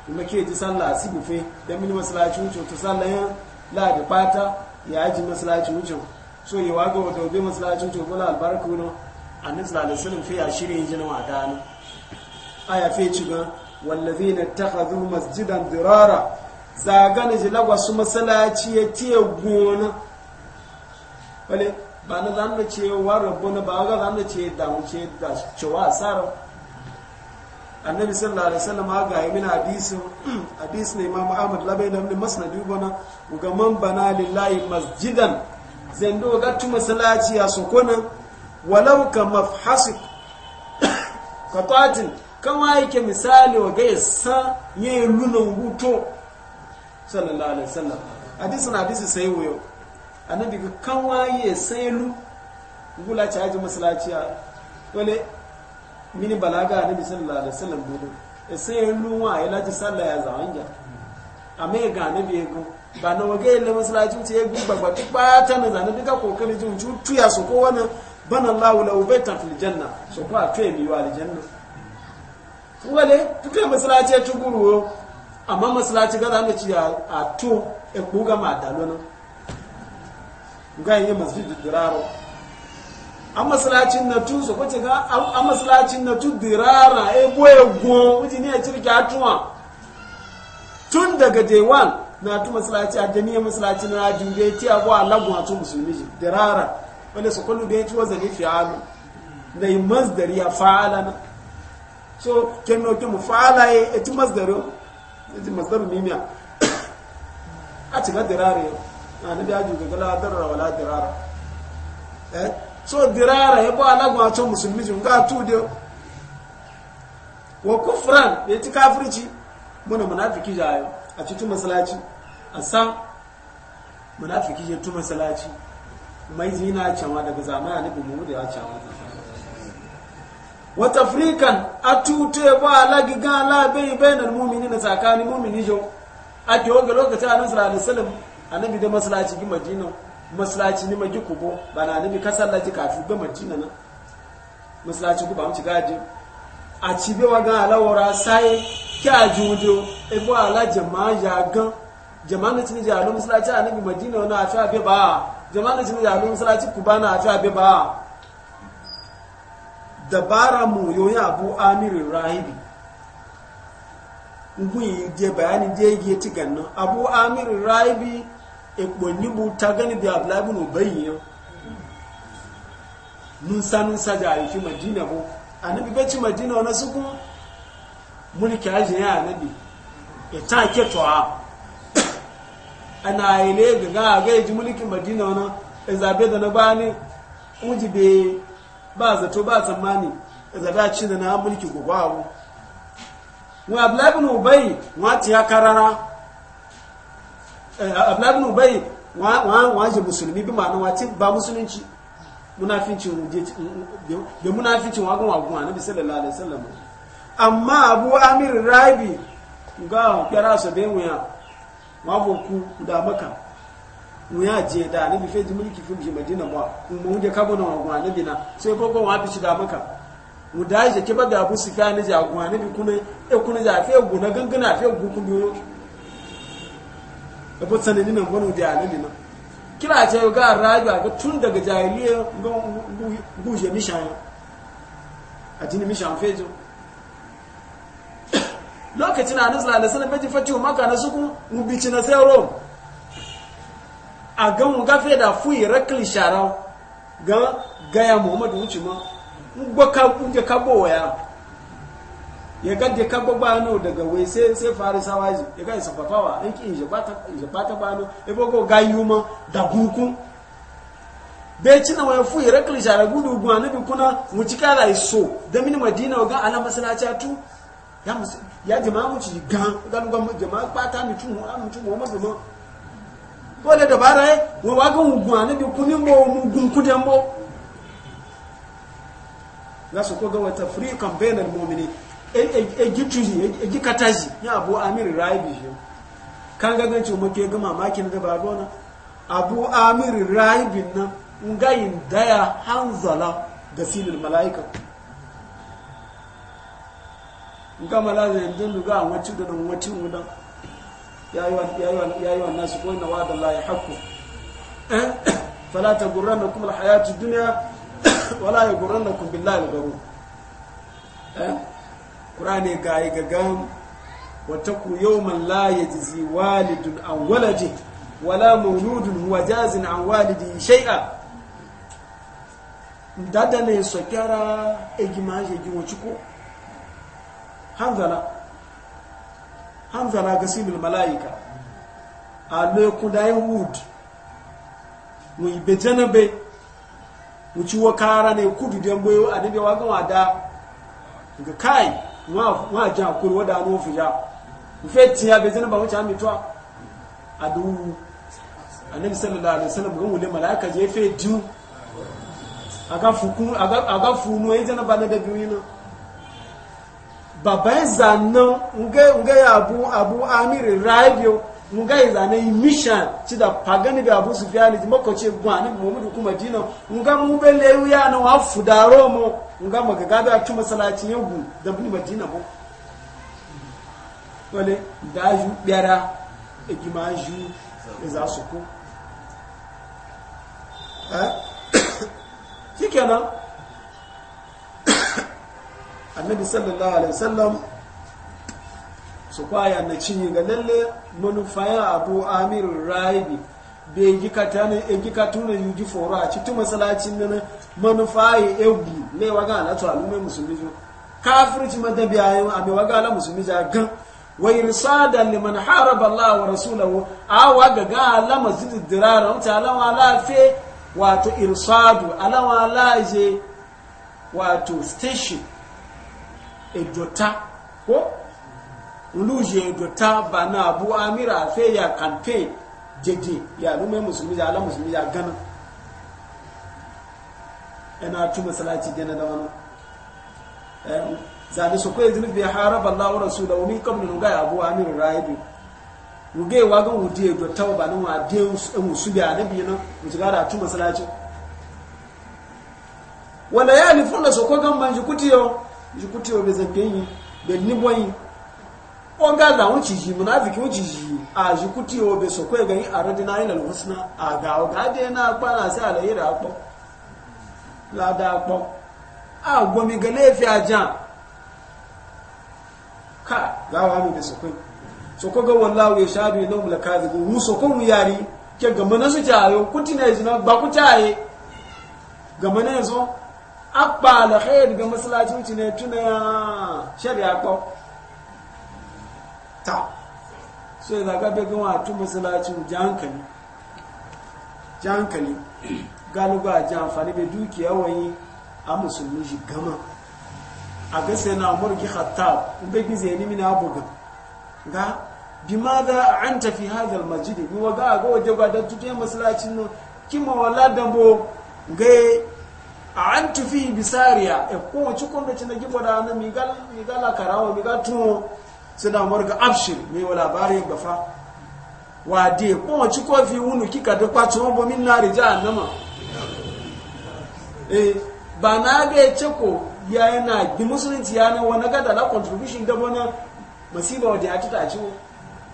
kuma ke ji sallah asibufe don mini masallaci wuce wato sallah da fata ya ji masalacin wucin so yi waga wata obi masalacin to bula albarku no annabi sallallahu alaihi wasallam fi shirin jini wa dani aya fi ci na wallazina takhadhu masjidan dirara zagana ji lagwa su masalaci ya tiye gona wale ba na zanda ce wa rabbuna ba ga zanda ce damu ce da cewa a sarar annabi sallallahu alaihi wasallam ga yi mina hadisin hadis ne imam ahmad labai da min masnadi bana ga man bana lillahi masjidan zendo ga tu masallaci ya sokona walau ka mafhasik tawatin kama yake misali wa gaya sa ne luna wuto sallallahu alaihi wasallam hadisin hadisi sai wuyo annabi ga kan waye sai lu gula ci haji masallaci ya wale mini balaga da sallallahu alaihi wasallam budu sai ruwa ya laji sallah ya zawanja amma ga nabi ya go ba na wage le masallaci ce gu ba duk bata na zana duka kokari jin cutu su ko wani bana Allahu lahu baitan fil janna so ko a tuye mi wa aljanna wale tuke masallaci ya tuguru amma masallaci ga zama ci a to e kuga ma dalona ga yin masjidul diraro a masalacin na tun su kwace ga a masalacin na tun dirara e goye gon wuce ne a cirki tun daga day one na tun masalaci a daniyar masalaci na jure ti abu a lagun a tun musulmi ji dirara wanda su kwallo da ya ci wa zane fi alu na yi masdari ya fa'ala na so kenno ke mu fa'ala ya e, e ti masdari e ya ci masdari mimiya a cika dirara yau na nabi ajiyar gagala darara wala dirara eh so dirara ya ba alagwa to musulmi jin ga tu de wa kufran ya ti kafirci muna munafiki jayo a ci tu masalaci a san munafiki ya tu masalaci mai zina cewa daga zamani annabi Muhammad ya cewa wa tafrikan ya ba alagi ga labai bai bainal mu'minina tsakanin muminin jo a ke wanga lokacin annabi sallallahu alaihi wasallam annabi da masalaci gi madina masalaci ni magi kubo ba na ni bi ka sallaci kafin ba majina na masalaci ku ba mu ciga ji a ci be wa gan alawara sai ki a jujo e bo ala jama ya gan jama na ni jalo masalaci a ni bi majina na a ta be ba jama na ni jalo masalaci ku ba na a ta be ba dabara mu yoyin abu amir rahibi ngun yi je bayani je yi ti ganna abu amir rahibi ekponni bu ta gani bi abdullahi bin ubayy yo nun sanun saja yi fi madina bu annabi madina ọ̀nà mulki aji ya annabi ya ta ke to'a ana ile ga ga ga mulki madina zabe uji be ba zato ba tsammani zabe a ci mulki karara Eh, abdullahi ibn bai, wa wa je musulmi bi ma'ana wa ba musulunci munafinci da munafincin wagon wagon wagun annabi sallallahu alaihi wasallam amma abu amir rabi ga kira so bai wuya wa da maka wuya je da annabi feji mulki fi je madina ba mu je kabo na wagun annabi na sai e gogo wa fi da maka mu da je ke ba da abu sufyan je wagun annabi kuma e kuma ja fe na gangana fe gu kun da bu sanani na wani da alali nan kira ce ga rayuwa ga tun daga jahiliya ga buje mishan a jini mishan fejo lokacin annabi sallallahu alaihi wasallam bai fatiwa maka na suku mu na sai rom a ga gafe da fuyi rakli sharau ga gaya muhammadu wuce ma gbaka kunje kabowa ya ya gadda ka gbano daga wai sai sai fari sawaji ya ga isa in ki inje bata inje bata bano e bogo gayu ma da guku be na wai fu ya rakli shara gudu gwa na bi kuna mu cika la iso da min madina ga ala masallaci tu ya mus ya jama'a mu ci ga ga ga jama'a bata mi tu mu mu tu mu ma bi ma dole da bara e wa wa ga gwa na bi kunin mo mu gun kudan mo su ko ga wata friqan bainal mu'minin egikataji e, e, e, ya abu amir rabi shi kan gagan muke ga mamakin da babu na abu amir rabi nan, ngayin daya hanzala ga silil mala'ika ga malaza yanzu duga a wacin da nan wacin wudan yayi wa nasu ko na wada la yahqu eh, fala tagurrannakum alhayatu duniya, wala ya da billahi algharur eh ƙur'ani ga yi gagan wata ku yau man laye jizi walidun an walaje wala mauludun huwa jazin an walidi shai'a dada ne so kyara egima ya gimo ciko hanzala hanzala ga simil mala'ika a lokun e da yin e wood mu ibe janabe mu ciwo kara ne kudu dambe boyo a dabe gawa da ga kai wa ja kuri wada no fuja mu fe tiya be zan ba wuce amitwa adu annabi sallallahu alaihi wasallam gun wule malaika je fe ju aga fuku aga aga funu e zan ba na da biyu na baba zanno nge nge abu abu amir radio nga yi zane yi mishan ci da pagani bi abu sufiyani ti makoci gwani muhammadu kuma dino nga mu be lewu ya na wa fudaro mu nga maka gabe a tuma salacin yau da bin madina mu wale da ju bera e gima ju e za su ku eh shikenan annabi sallallahu alaihi wasallam su kwaya na cinye ga lalle manufayan abu amir rahibi bai yi ne e gika tuna yi ji foro a cikin masalacin nan manufayi egwu ne waga na to alumai musulmi jo waga musulmi ja gan haraba Allah wa rasulahu ga ga la masjid dirara wato irsadu alama wato station e ko luje do ta bana abu amira fe ya campaign jeje ya lume musulmi ya ala musulmi ya gana ina tu masalaci gana da wani eh, zane su kwaye zunubi ya haraba Allah rasu da wani kamar nuga ya abu amira rayu ruge wa ga wudi ya do ta bana wa de musulmi ya nabi na musulmi da tu masalaci wala ya lifuna su kwa gan man jikutiyo jikutiyo bezan kenyi bedni boyi wanga za wuce shi munafiki wuce aji kuti wo be sokwe gani a radina yin alhusna a ga ga de na pa na sa la yira po la da po a gomi mi gale fi aja ka ga wa mi be sokwe sokwe ga wallahi ya shadu ila mul kadhibu mu sokwe mu yari ke ga mana su jayo kuti na jina ba ku taye ga mana yanzu abba la khair ga masallaci wuce ne tuna shari'a po ta so yi zaga bai gama a tun masalacin jankali jankali galiba a ji amfani bai dukiya wani a musulmi shi gama a gasa yana murgi hatta bai gizo ya nimi na abubuwa ga bi ma za a an tafi hajjar majidi bi wa ga a ga waje gwadon tutun masalacin nan kima wala dambo e, ga a an tufi bisariya e kowace kwamfacin da gibo da hannun migala karawa migatun suna morga abshir mai wa labarin bafa wa kuma ci kofi wunu kika da kwacin wabo min lari ji annama eh ba na ga ya ce ko ya yana bi musulunci ya na wani gada na contribution da wani masiba wadda ya ci ta ci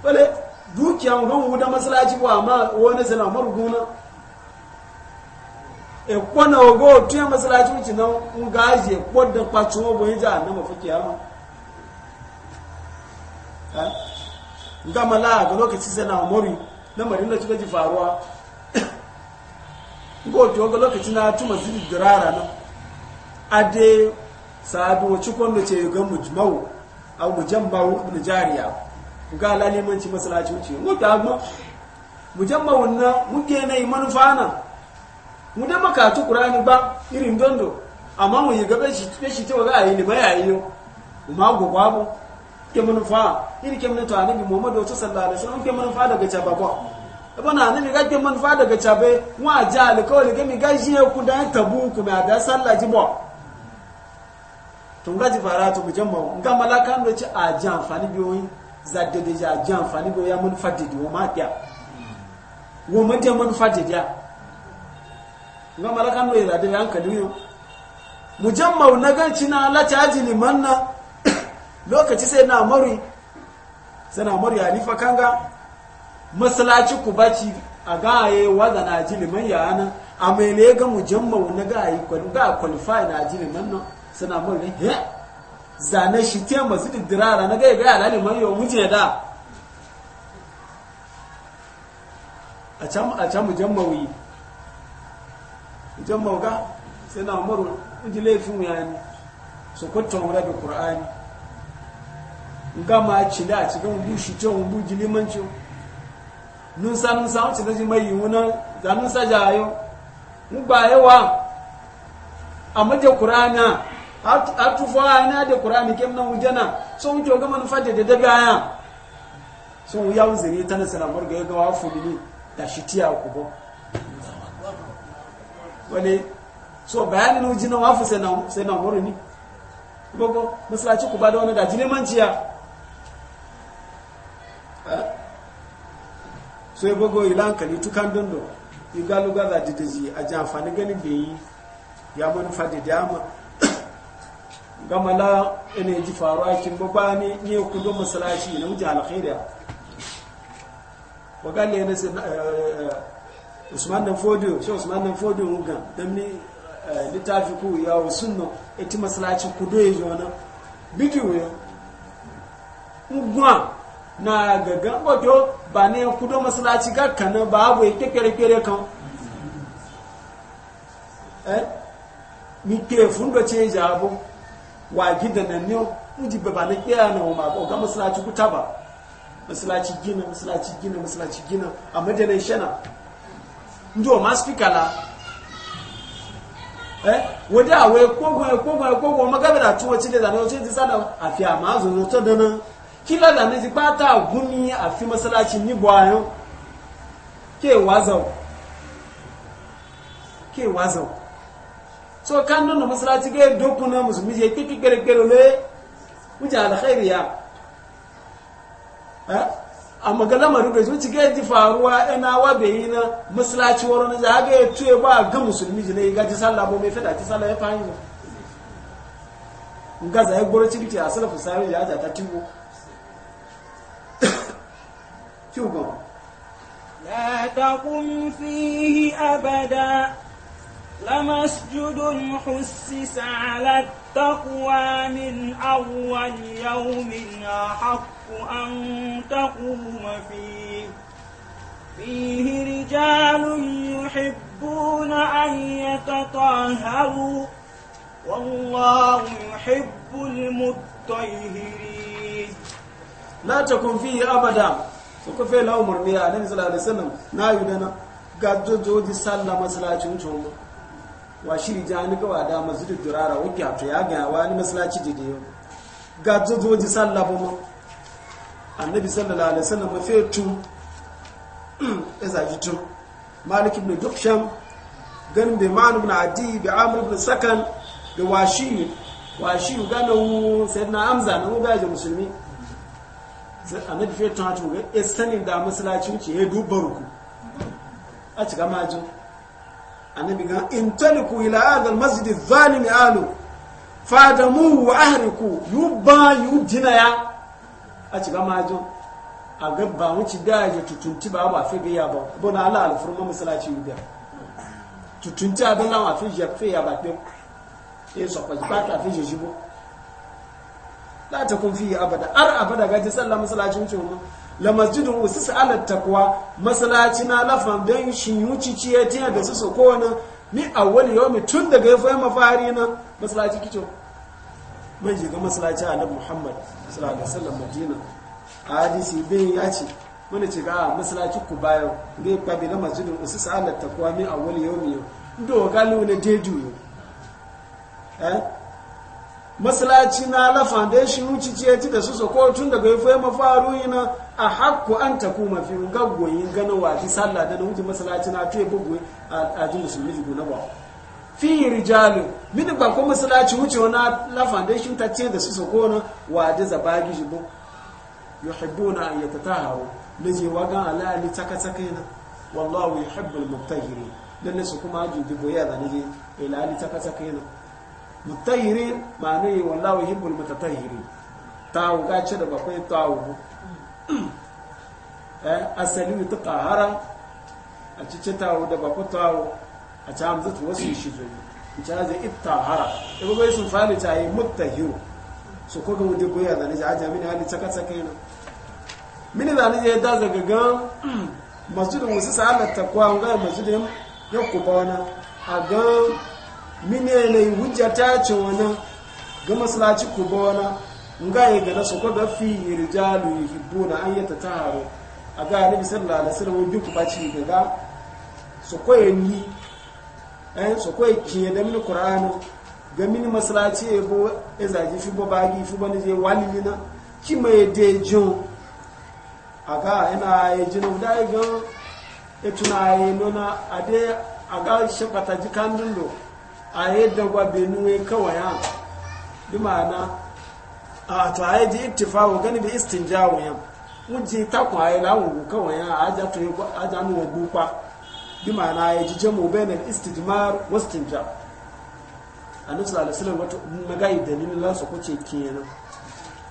wale dukiyan mu da wuda masalaci ba amma wani sana maruguna e kwana ogo tuya masalaci wuce na ngaji e kwadda kwacin wabo ya ji annama fa kiyama gama eh? la ga lokaci sai na mori lamarin kika ji faruwa goto ga lokaci na tuma zidi dirara na, ade sadu wacce kwando ce ga mujmau a mujammau ibn jariya ga lalimanci masalaci wuce goto agma mujammau na muke na yi manufa na, mu da makatu qur'ani ba irin dondo amma mu yi gaba shi shi ta ga ayi ne ba yayi yo ma gogo ke manufa iri ke manufa annabi muhammadu wato sallallahu alaihi wasallam ke manufa daga caba ko bana annabi ga ke manufa daga cabe wa ja alkawli ga mi ga shi ku da tabu ku ma da sallah ji bo tun gaji fara to mujamma ga malakan da ci a fani amfani biyoyi zadde da ji a fani amfani biyoyi ya manufa da diwa ma kya wo mun ta manufa da diya ga malakan da zadde da hankali yo mujamma na ganci na lati ajili manna lokaci sai na mari sai na mari halifa kanga masalaci ku baci a gaye wanda na ji liman ya hana a mai ne ga mujammau na gaye ga kwalifai na ji nan sai na mari he zane shi te masu dirara na gaya gaya laliman yau muje da a can mujammawi mujammau ga sai na mari ji laifin ya ne su kwatta wura da ƙur'ani gama ma ci da ci gama bu shi ton bu limanci nun sa nun sa ci da ji mai yuna da nun sa jayo mu ba yawa kurana a, tufa a, ina da kurana kem nan wujana so mun to ga man fadde da daga aya so ya uzuri ta na salamar ga gawa wafu ni da shi tiya ku bo wani so bayanin wujina wafi sai na sai na ni gogo masallaci ku ba da wani da manciya so ya bago ila hankali tukan dundu iga lugar da jidaji a ji amfani ganin beyi ya manufa da dama la ina ji faruwa kin babba ne ne don masalashi na wuce alkhairiya wakali yana sai eh, eh, usman dan fodio shi usman dan fodio ga dan ni eh, littafi ku ya wasunno eti masalaci kudu ya ji wani bidiyo ya ngwa na gaga wato ba ne kudo masalaci gakka na ba abu ya kere kan eh mi kere fundo ce ya abu wa gida na ne uji ba ba ne kiya na ma ko ga masalaci kuta ba masalaci gina masalaci gina masalaci gina a majalai shana ndo ma speaker la eh wada we kogo kogo kogo magabara tuwa cide da ne o ce sada afiya ma zo to dana kila da ne zipata gumi a fi masalaci ni buwayo ke wazau ke wazau so kan nuna masalaci ga doku na musulmi je kiki gare-gare ne wuce alkhairi ya eh? a magana maru da zuci ga ji faruwa yana wa bai na masalaci waro na zaga ya tuye ba ga musulmi ji ne ga ji sallah ba mai fada ci sallah ya fahimta gaza ya gboro cikiti a salafu sami ya ta tiwo شوفوا لا تقم فيه أبدا لمسجد حسس على التقوى من أول يوم أحق أن تقوم فيه فيه رجال يحبون أن يتطهروا والله يحب المطهرين لا تكن فيه أبدا suka ko fe la umar miya annabi sallallahu alaihi na na dana ga jojoji sallah masalacin to wa shiri ni ga wada masjidul durara wuki to ya ga wani masallaci dide ga jojoji sallah ba annabi sallallahu alaihi wasallam fe tu eza jitu malik ibn duksham ganin da ma'an ibn adi bi amr ibn sakan da washi washi ganawu sayyidina amza na mugaje musulmi annabi fiye tun hatu ya sanin da musulaci wuce ya dubar ku a cika majin annabi ga in taliku ila hadal masjid zalimi alo. fadamu wa ahriku yuba Yu ya a cika majin a gaba wuce da ya tutunti ba ba fi biya ba bona ala alfurma musulaci yuda tutunti abin nan a fi fe ya ba fi e sokwaji ba ta fi je ba la ta kun fi abada ar abada gaji sallah masallacin cewa la masjidun usus ala taqwa masalaci na lafan don shi wuci ciye tiya da su so kowane mi awwal yawmi tun daga ya fahimma fari na masalaci kicho man shiga masallaci annabi muhammad sallallahu alaihi wasallam madina hadisi bin ya ce mana ce ga masalaci ku bayo ne kwabi na masjidun usus ala taqwa mi awwal yawmi ndo galu ne deju yau. masalaci na la foundation wuce ce ci da su sako tun daga ya fahimma faru na a hakku an ta kuma fi gaggoyin ganin wafi salla da na wuce masalaci na tuye bugu a ji musulmi jigo na ba fi yi rijalu mini ba ko masalaci wuce wani la foundation ta ce da su sako na wadi zabagi jibo yuhibbuna an yatataharu laje wagan alali tsaka-tsaka yana wallahu yuhibbul mubtahirin lalle su kuma ajin ya zane je ilali tsaka-tsaka na. Mutahiri ma'ana yi wallahu yuhibbul mutatahhirin ta wuga ce da bakwai ta wugu eh, asali ta tahara a cice tawo da bakwai tawo a ci hamza ta wasu shi zo in ta ita ittahara ibo bai sun fali ta yi mutahhiru so ko ga wuce goya da nija aja mini hali tsaka tsaka yana mini da ya da zaga ga da musu sa'alar takwa da masjidin yakuba wana a gan. mine na hujja ta ce wani ga masalaci ku ba wani nga yi ga nasu ko ga fi rijalu yuhibbu na an yata taro a ga nabi sallallahu alaihi wasallam bi ku baci ga ga so ko ni eh so ko ki da min qur'ani ga mini masalaci e bo e zaji fi bo bagi fi bo ne je walilina ki mai de jun aga ina yi jinu da ga e tuna nona ade aga shakata jikandun do a yadda gwa benuwe kawai ya bi ma'ana a to a yadda ittifawo gani bi istin jawo yan wujin takun a yi lawon kawai ya a aja to aja nuwa gukwa bi ma'ana ya ji jamo benin istijmar wastin ja a nufsa alisalin wata magayi dalilin lasa kuce kenan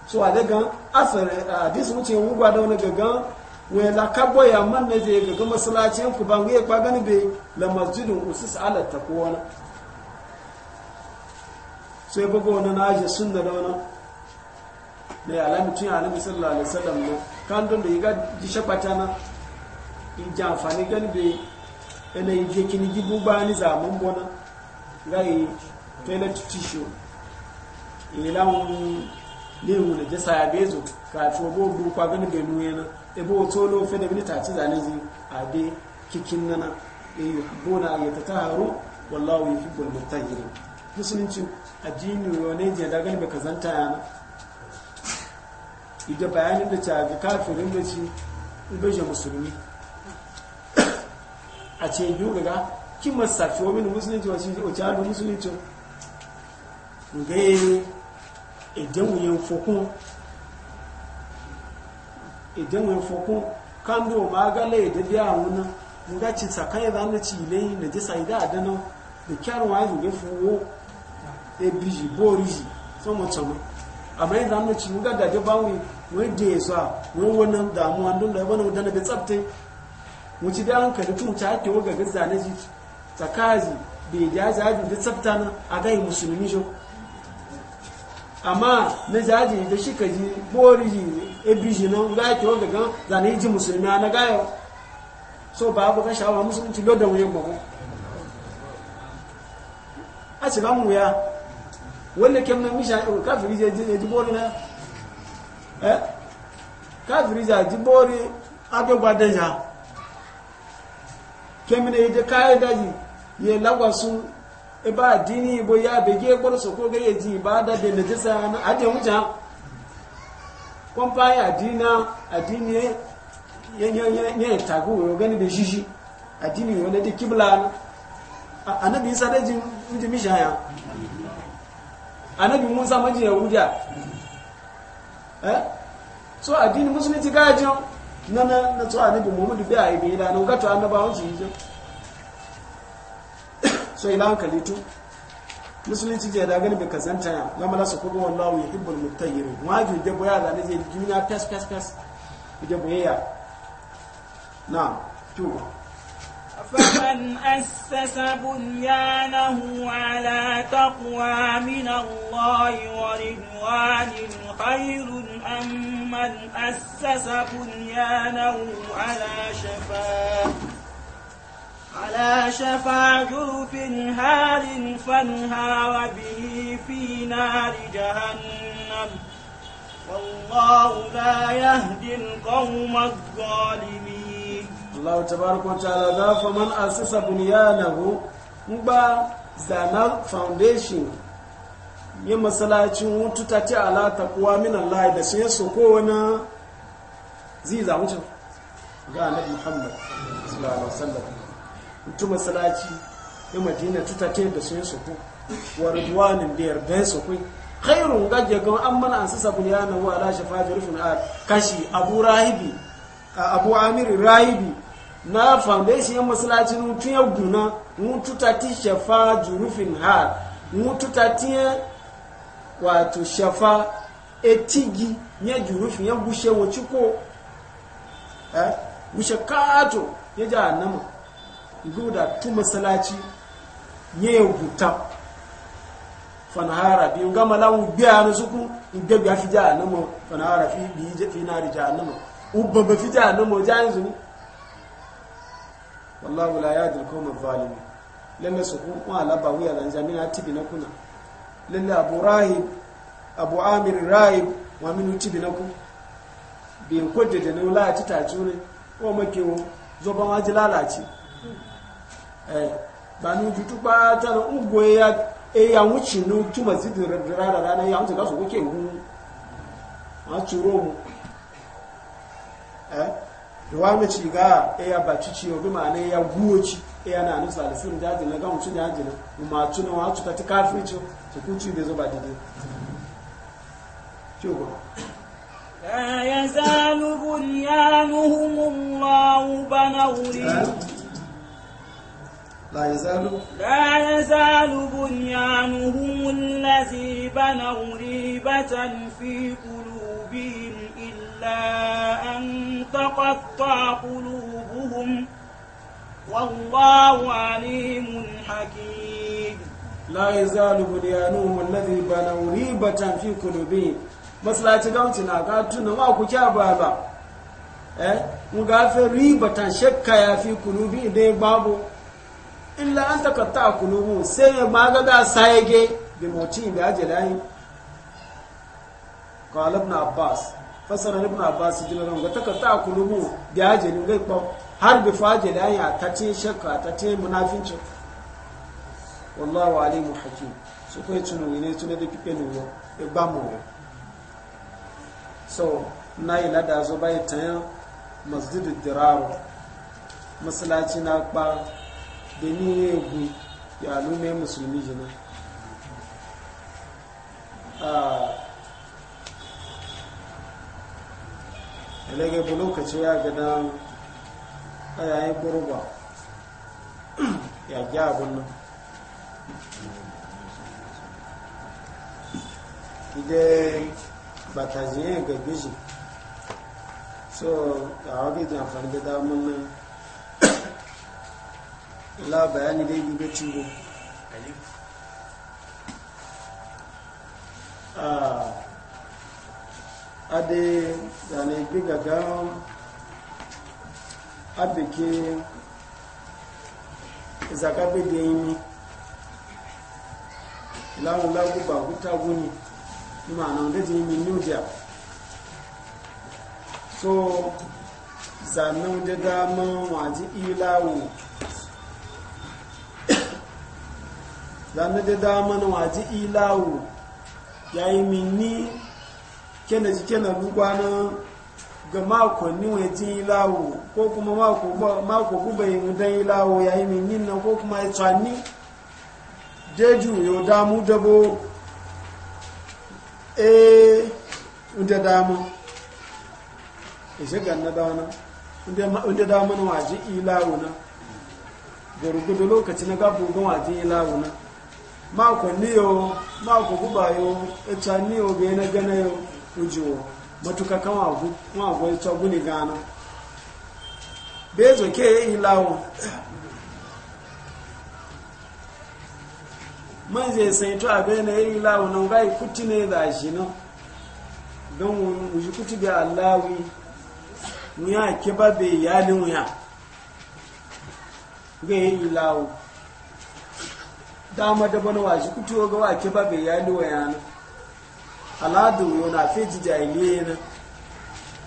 so a daga asar a disu wuce wugwa da wani gagan wai la kabo ya man na je gaga masalacin ku ban ga ya kwa gani bai la masjidin usus ala takwana sai bugu wani na aje sunna da wani da ya alami tun alami sallallahu alaihi wasallam ne kan don da ya gaji ji shabata na in ji amfani gani bai yana yi je kini gibu ba ni zamun bona ga yi toilet tissue ilamun lewu da jasa ya bezo kafin obo bukwa gani bai nuye na ebe o tolo fe da bini ci zane zi a de kikin nana ya yi e bona ya ta taharo wallawa ya hibbul mutahirin musulunci addini wani je da gani kazanta yana ida bayanin da ta ga kafirin da ci ubeje musulmi a ce yi ga kin masafi wani musulunci wa shi o ta da musulunci ga idan wuyan fokun idan wuyan fokun kan do magale da biya wuna mun ga ci sakai da na ci lei na ji da adana da kyarwa yi ga fuwo ebiji boriji sun wacce mai amma yanzu an mace nuga da jaba wani wani da ya sa wani wannan damuwa don da wani wadanda bai tsabtai wuce da hankali tun ta hake waga ga zane ji tsakazi ya ja zaji da tsabta na a gai musulmi jo amma na zaji da shi ka ji boriji ebiji na ga ke waga ga zane ji musulmi na gayo so ba ku kan shawara musulunci lodan wuyan gbogbo a ci ba mu ya wani kem na misha kafiri je ji bori na eh kafiri je ji bori abe gwadeja kem ne je kai daji ye lagwasu e ba dini bo ya bege gboro so ko gaye ji ibada de ne tsa na ade mucha kompa ya dina adini ye ye ye tagu yo gani be jiji adini yo ne de kibla anabi isa de ji misha ya annabi musa majin yahudiya eh so addini musulunci gajin na na na so annabi muhammadu bai aibe ila nan gato annabawan su yi so ila hankali musulunci je da gani bai kasanta ya zama la su kudu wallahu yuhibbul muttayyirin wajibi da boya da ne je duniya pes pes pes ide boya na tu. فمن أسس بنيانه على تقوى من الله ورضوان خير أم من أسس بنيانه على شفا على شفا جرف هار فانهار به في نار جهنم والله لا يهدي القوم الظالمين Allah tabaraka wa ta'ala ga faman asisa bunyanahu ngba zana foundation ya masalacin wutu ta ce ala ta kuwa min Allah da sun yaso ko wani zai zamu ci ga annabi Muhammad sallallahu alaihi wasallam mutu masalaci ya madina tuta ce da sun yaso ko wa ridwanin da yarda su ko khairun gaje ga an mana asisa bunyanahu ala shafa rufin ar kashi abu rahibi abu amir rahibi na foundation ya masallaci mutu ya guna mutu ta ti shafa jurufin har mutu ta w'a tu shafa etigi ya jurufin ya gushe wace ko eh gushe kato ya ji annama guda tu masallaci ya yi guta fanahara biyu gama lawu biya na suku igbe ya fi ji annama fanahara fi biyi fi na rija nama, ubba ba fi ji annama jayin zuru wallahu la yahdi al-qawm adh-dhalimin lalle su kun wa laba wiya dan jamina tibi na kuna lalle abu rahib abu amir rahib wa min tibi na ku bi ko de de ne la ci ta jure o make wo zo ba waji lalaci eh ba nu jutu ba ta no ugo ya e ya wuci no tuma zidin rara rana ya wuce ga su kuke hu a turo mu eh ruwame ci ga ya baci ci bi ma ne ya guwo ya na nusa da sun jaji na gamu cin jaji na kuma tuna wa tuka ta kafi ci ta kuci da zo ba dide ciwo ba la yazalu bunyanuhum Allah Allahu banawri لا eh? la لا يزال بنيانهم الذي بنوا ريبة في قلوبهم إلا أن تقطع قلوبهم والله عليم حكيم لا يزال بنيانهم الذي بنوا ريبة في قلوبهم مثل na ka tuna ma ku kya ba ba eh mu ribatan shakka ya fi kulubi dai babu illa an takatta kulubu sai ya maga ga bi moti bi ajalahi fasara ibn abbas jilaran ga takarta kulubu biya ajali ga ko har bi faje da ya ce shakka ce munafinci wallahu alimu hakim su kai tunu ne tunu da kike nuwa e ba mu so na ila da zo bai tayan masjidul dirar masallaci na ba da ni egu ya lume musulmi jina ah, lage bu lokaci ya gada a yayin kurba ya gya abin nan ide bataziyen ga gizi so a wabi da amfani da damun nan ila bayani dai gibe cigo ade zane gigaga abike zagabe da imi ilahun laguba guta guni ma'ana wanda ji imi nudiya so zanen da daman waji ilawu zanen da daman waji ilawu yayi mini kena ji kena lugwa na ga makonni wajen ilawo ko kuma mako guba yi mudan ilawo ya yi min yin ko kuma ya tsani jeju yau damu dabo e inda damu ya e shiga na dana inda damu na waje ilawo na gwargwado lokaci na gabu don waje ilawo na makonni yau mako guba yau ya e tsani yau bai na gana yau ujiwo matuka kan wọn àgọ́ ìtọ́ gúnni gan-an bẹ́ẹ̀zọ̀ kí sai to abe na yi lawo na náà kuti ne da shi ìṣìná don wuji kuti da allawi muya ke ba be yalin wuya ga yi lawo dama da bana wa shi kuti ga wa ke ba be yalin wuya na al'adu wani afe ji jahiliya na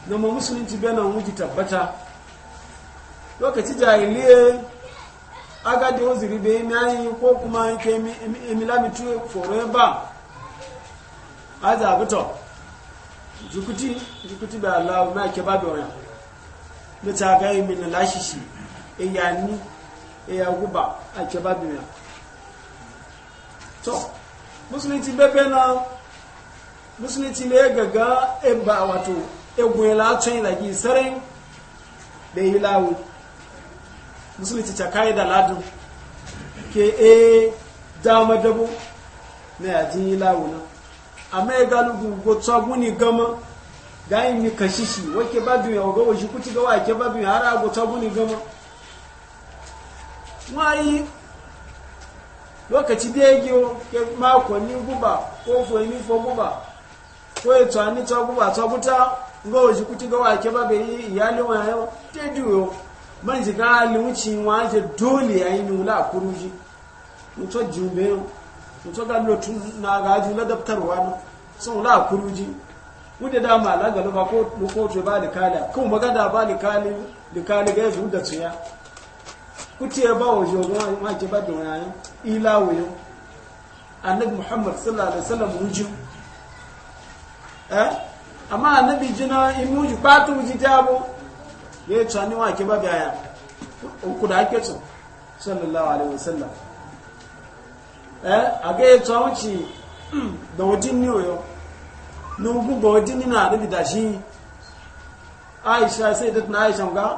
na ma musulunci bai nan wuji tabbata lokaci jahiliya aga da oziri bai mayi ko kuma ke emilamitu foro ba a zabuto jukuti jukuti bai allahu ma ke ba da wani da ta ga yi min lashishi iyani iyaguba a ke ba da wani to musulunci bebe na musulunci ne ya gaga ba wato egun latin lagi sarin da yi lawo musulunci ta kayi da ladun ke e dama dabo na yajin yi lawo nan amma ya galugu gotu guni gama gayin mi kashishi wake babu ya ogo washi kuti ga wake babu ya hara gotu guni gama wayi lokaci da ya giyo ke makonni guba ko foyi guba wai tsani tsagu ba tsaguta ga ngo kuti ga wake ba ga iyali wa yau te duyo man ji ga dole yayi nula kuruji muto jume muto ga lotu na ga ji ladabtarwa wano sun la kuruji wude da ma la ga ba ko ko to ba da kala ko magana ba da kali da kali ga zu da tsiya kuti ya e ba waje wa ma ke ba da wani ila wayo annabi muhammad sallallahu alaihi wasallam rujin eh amma annabi jina imuju patu jitabu ye tsani wa ke ba biya ku da ake so sallallahu alaihi wasallam eh age tsawuci da wajin ni oyo no gugu wajin ni na annabi da shi Aisha sai da na Aisha ga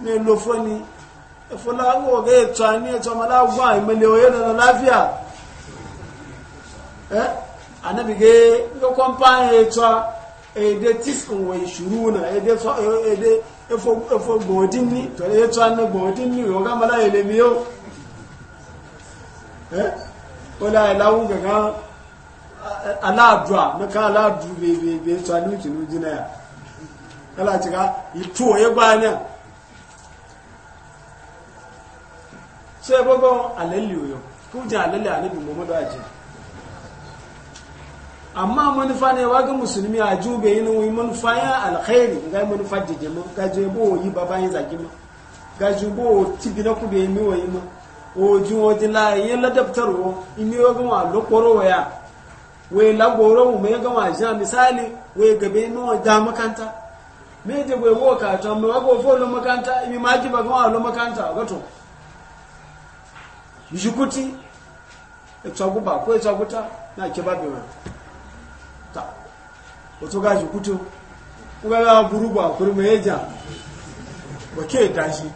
ne lo foni fọláwọ́ ọ̀gẹ́ ètò àní la ọmọláwọ́ àìmọ̀lẹ̀ òye lọ́nà láfíà ẹ́ eh? annabi ge ga kwamfani ya cewa ede tiskin wai shuru na ede efo gbọdin ni to ede cewa ne gbọdin ni yau ga mala elemi yau eh wala ilawu gaga aladua na ka aladu bebe cewa ni kinu jina ya kala cika ito ya gbanya sai gbogbo alali yau kujan alali annabi muhammadu ajiyar amma manufa ne waga musulmi a jube yin wi manufa ya alkhairi ga manufa da jama ga jebo yi baba yin zaki ma ga jebo tibi na kube mi yi ma o ju o ti la yin la daftar wo imi wa ga ma lokoro wa ya we la goro mu me ga ma ja misali we ga be no da makanta me je we wo ka to me go fo lo makanta imi ma ji ba ga ma lo makanta ga to yukuti e tsaguba ko e tsaguta na ke ba be ma wato kuti kuto kuma ya buru ba kurma ya ja ba ke tashi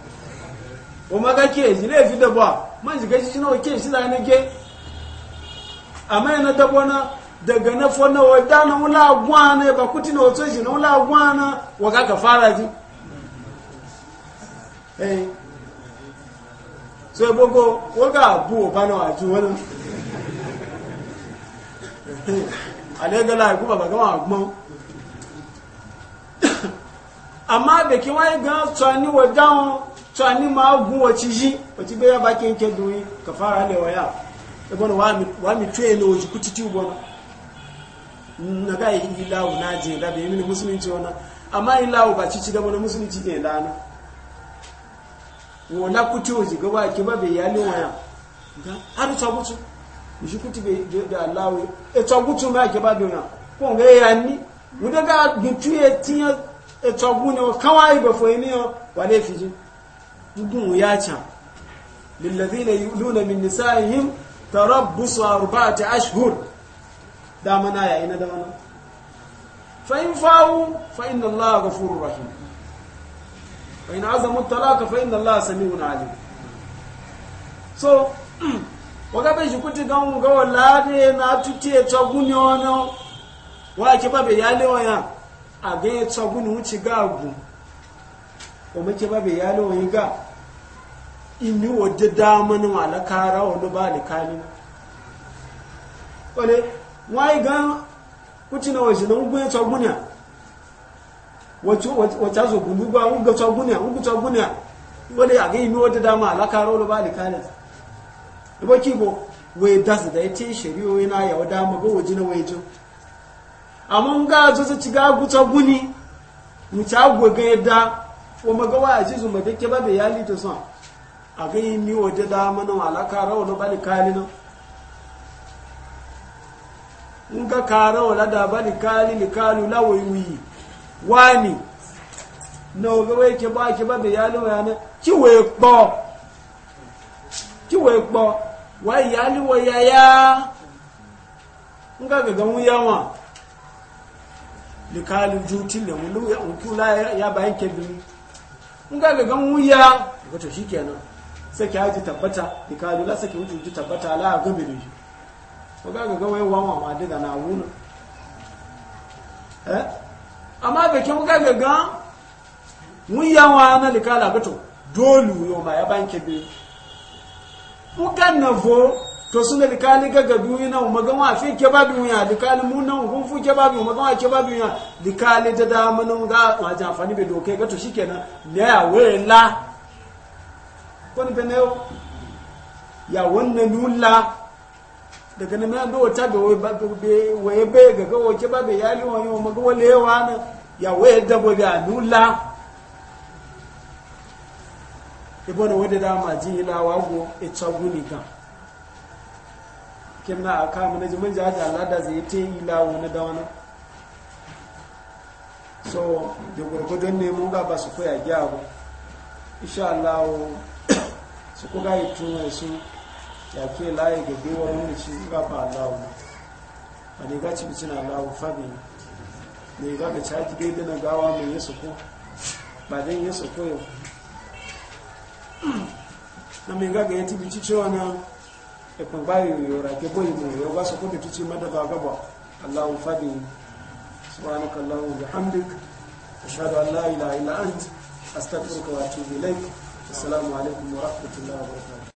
o maga ke ji ne fi dabo man ji gashi shine ke shi zane ke amma yana dabo na daga na fona wada na wula gwana ba kuti na wato shi na wula gwana wa ka fara ji eh so bogo waga abu ba na waju wannan àlẹ́gọ́lá ikú bàbá gan wà gbọ́n àmá àbẹ̀kí wáyé gan tọ́ níwọ̀ dáhùn tọ́ ní máa gún ọtí yí ọtí gbé yá bá kéńké dùn yí kàfàrà lè wọ́yà ẹgbọ́n wà mí tó èlò òjìkú títí ubọ́n naga ilawu na je da wana ba na kuti waya har ta ìṣíkútì gbèdè aláwọ̀ ètò ọgútù máa jẹba ya ní wùdẹ́gà gbìtú etíyàn ètò ọgún ni káwá ìbẹ̀fọ̀ ènìyàn wà lè fi jí gúgùn ya can lèlẹ́dí ilẹ̀ lúnà mi nìsá ihim tọrọ bùsù àrùbá àti ashhur dámaná ya iná dámaná fa'in fáwú fa'in allah gafuru rahim fa'in azamu talaka fa'in allah sami wuna so wakapeji kuti kamungawo lade na tutie tswaguni ono wache babe yaloya agaye tswaguni uchigagu omeche babe yaloyiga ini wode dama ni wala kara ono bali kani ole waiga kuti na wajina ugwe tswaguni wachazo gundugwa uga tswaguni uga tswaguni ole agaye ini wode dama ala kara ono bali kani ibo kibo we dasu da yace shari'o'i na yawa da mu ga waje na waje amma ga zo ta ci ga guta guni mu ta goga yadda ko maga wa ji zuma da ke ba be yali to son a yi mi waje da mana alaka rawo no bali kali no in ga kara wala da bali kali ni kalu la wai wani na ga wai ke ba ke ba be na ki we kí wọ́n gbọ́ wọ́n yà á líwọ́ yáyá ń gàgàgà ń yá wọn lìkàlù ju tilẹ̀ wọn bá shi kenan sai ki haji tabbata lìkàlù lásìkò ju tabbata aláà gómìnà yìí wọ́n gàgàgà wọ́n wà wọn na náà wúnà amma da kin ga na likala bato dole yo ma ya ba be ukanna vo to suna likali gaga biyu na wa fi ke likali mu nan kun fu ke wa ke likali da da mun ga wa ja fani be doke ga to shikenan ne ya we la be ne ya daga do ta be we ba be we be ga ga wa ke ya li wa wa lewa ya da bo ga nula ibona wadda dama ji ilawa go ita guni gan kim na aka mana jimin jaji alada zai ta yi ilawa na dawana so da gwargwadon ne mun ga ba su koya gyaru insha Allah su kuga yi tuna su ya ke laye ga bewar wani ci ga ba Allah ba ne ga ci bicin Allah fabi ne ga ga caji daidai na gawa mai yi su ko ba dan yi su ko yau na minga ga yati bici cewa na ekun bayi yora ke boyi mu yo ba su kudu tuci mada gaba Allahu fadi subhanaka Allahu bihamdik ashhadu an la ilaha illa ant astaghfiruka wa atubu ilaik assalamu alaikum wa rahmatullahi wa